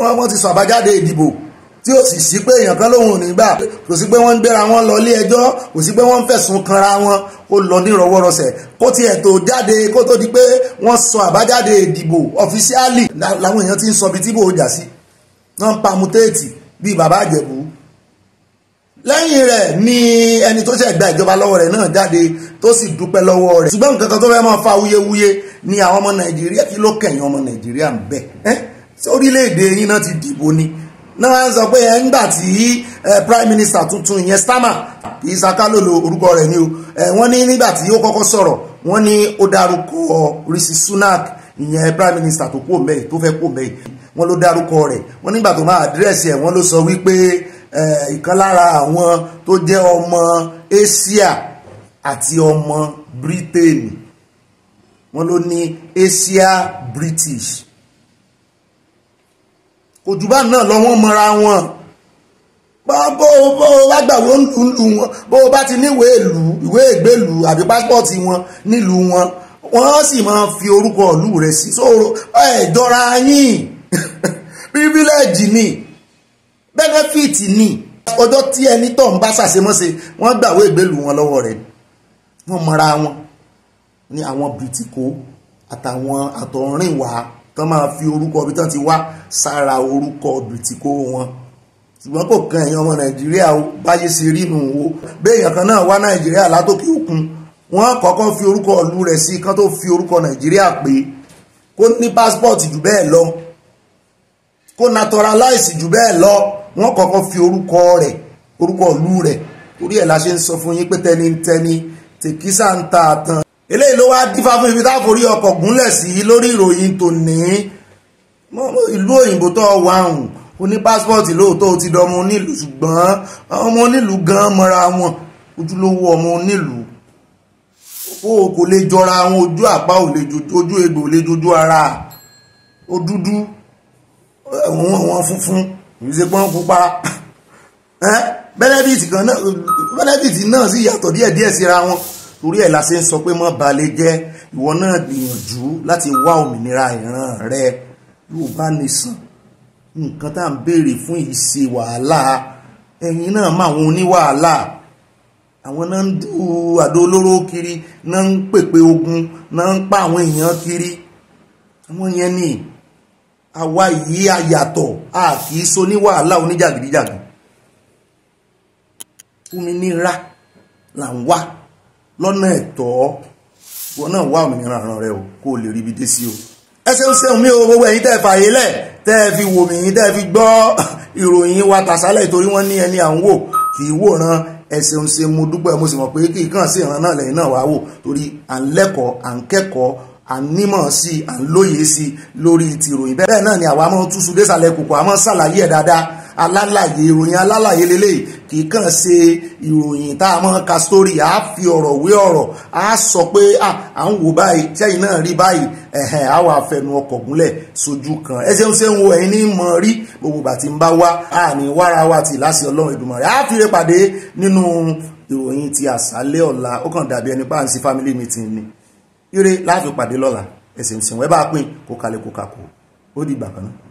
wọ́n ti sọ àbájáde ìdìbò tí ó sì sí pé èèyàn kan lòun ò ní gbà kò sí pé wọ́n ń gbéra wọn lọ ilé ẹjọ́ kò sí pé wọ́n ń fẹ̀sùn kanra wọn ó lọ nírọwọ́rọsẹ̀ kó tiẹ̀ tó jáde kó tó di pé wọ́n sọ àbájáde ìdìbò ọ̀fíṣíálì làwọn èèyàn ti ń sọ bí tí bò sí wọ́n ń pamutéètì bíi bàbá àjẹ̀bù lẹ́yìn rẹ̀ ni ẹni tó ṣẹ̀ gba ìjọba lọ́wọ́ rẹ̀ náà jáde tó sì dúpẹ́ lọ́wọ́ rẹ̀ ṣùgbọ́n nǹkan kan tó ni àwọn ọmọ nàìjíríà kí ló kẹ̀yìn ọmọ nàìjíríà ń bẹ̀ ẹ́ sórílẹ̀-èdè ti dìbò náà wọ́n sọ pé ẹ̀ ńgbà tí prime minister tuntun ìyẹn Starmer Isa orúkọ rẹ̀ ni o wọ́n ní nígbà tí ó kọ́kọ́ sọ̀rọ̀ wọ́n ní ó dárúkọ Rishi Sunak ìyẹn prime minister tó kú òmẹ́yì tó fẹ́ kú òmẹ́yì wọ́n ló dárúkọ rẹ̀ wọ́n nígbà tó máa àdírẹ́sì ẹ̀ wọ́n ló sọ wípé ìkan lára àwọn tó jẹ́ ọmọ Asia àti ọmọ Britain wọ́n ló ní Asia British kò jù bá náà lọ wọ́n mọ́ra wọn bó o bá gbàwé ìlú wọn bó o bá ti níwèé ìlú ìwé ìgbélú àbí pásítọ̀tì wọn nílùú wọn wọ́n sì máa fi orúkọ ìlú rẹ̀ sí sóòrò ẹ̀ jọra yín *laughs* pírífílẹ́jì ni bẹ́nẹ́fìtì ni ọjọ́ tí ẹni tó ń bá ṣàṣemọ́ṣe wọ́n gbàwé ìgbélú wọn lọ́wọ́ rẹ̀ wọ́n mọ́ra wọn ní àwọn bìtìkó àtàwọn àtọ̀rìnwá tán máa fi orúkọ ibi tán ti wá sára orúkọ bìtìkó wọn ṣùgbọ́n kò kan èèyàn ọmọ nàìjíríà báyé ṣe rí nù o béèyàn kan náà wá nàìjíríà látòkè òkun wọ́n kọ́kọ́ fi orúkọ ìlú rẹ̀ sí kán tó fi orúkọ nàìjíríà pé kó ní pásítọ̀tì jù bẹ́ẹ̀ lọ kó naturalize jù bẹ́ẹ̀ lọ wọ́n kọ́kọ́ fi orúkọ rẹ̀ orúkọ ìlú rẹ̀ torí ẹ̀ la ṣe ń sọ fún yín pé tẹnitẹni tèkísà ń ta àtàn eléyìí ló wá dífá fún ibi táforí ọkọ̀ gúnlẹ̀ sí lórí ìròyìn tòní ìlú òyìnbó tó wà hùn oní pásítọ̀tì lóòótọ́ ti dọmọ onílùú ṣùgbọ́n ọmọ onílùú gan mọ́ra wọn ojúlówó ọmọ onílùú ó kò lè jọra àwọn ojú àpá ojú egbò lè jojú ara ó dúdú ẹ̀wọ̀n wọn funfun ìrìnsẹ̀pọ̀n pupa bẹ́nẹ́fìtì náà sì yàtọ̀ díẹ̀díẹ̀ síra wọn torí ẹ̀ la ṣe ń sọ pé mọ́ balẹ̀ jẹ́ ìwọ náà gbìyànjú láti wá òmìnira ìran rẹ yóò bá nìsàn nǹkan tá à ń béèrè fún ìṣe wàhálà ẹ̀yin náà máa wọn oníwàhálà àwọn náà ń du àdó olóró kiri náà ń pèpè ogun náà ń pa àwọn èèyàn kiri àwọn yẹn ni àwa yìí àyàtọ̀ a kì í so ní wàhálà oníjàgídíjàgàn òmìnira là ń wá lọ́nà ẹ̀tọ́ wọn náà wá òmìnira ran rẹ o kó o lè ríbi dé sí o ẹ ṣeun ṣeun mi ò gbogbo ẹ̀yin tẹ́ ẹ fààyè lẹ̀ tẹ́ ẹ fi wò mí tẹ́ ẹ fi gbọ́ *laughs* ìròyìn wa tàṣálẹ̀ torí wọ́n ní ẹni à ń wò kì í wòran ẹ ṣeun ṣeun mo dúpẹ́ mo sì mọ̀ pé kí nǹkan sí ìran náà lẹ́yìn náà wá wò torí à ń lẹ́kọ̀ọ́ à ń kẹ́kọ̀ọ́ à ń nímọ̀ sí i à ń lóye sí i lórí ti ìròyìn bẹ́ẹ̀ náà ni àwa máa ń túṣu désàlẹ̀ kòkò àmọ́ ṣàlàyé ẹ̀ dáadáa alálàyé ìròyìn alálàyé lélẹ́yìí kì í kàn ṣe ìròyìn tá a máa ka sórí a fi ọ̀rọ̀ wé ọ̀rọ̀ a sọ pé à ń wò báyìí sẹ́yìn náà rí báyìí ẹ̀hẹ̀ a wà fẹnu ọkọ̀ gúnlẹ̀ sójú kan ẹ ṣeun ṣe ń wo ẹ̀yin mọ̀ rí gbogbo ìgbà tí ń bá wá àní wára wa ti láṣẹ ọlọ́run Èdùmàrè a fi rẹ pàdé nínú ìròyìn ti àṣálẹ́ ọ̀la ó kàn dàbí ẹni bá ń sí family meeting ni ire láàfin pàdé lọ́la ẹ̀sìn ìsìnwẹ́ bá pín kó kalẹ̀ ó dìgbà kan náà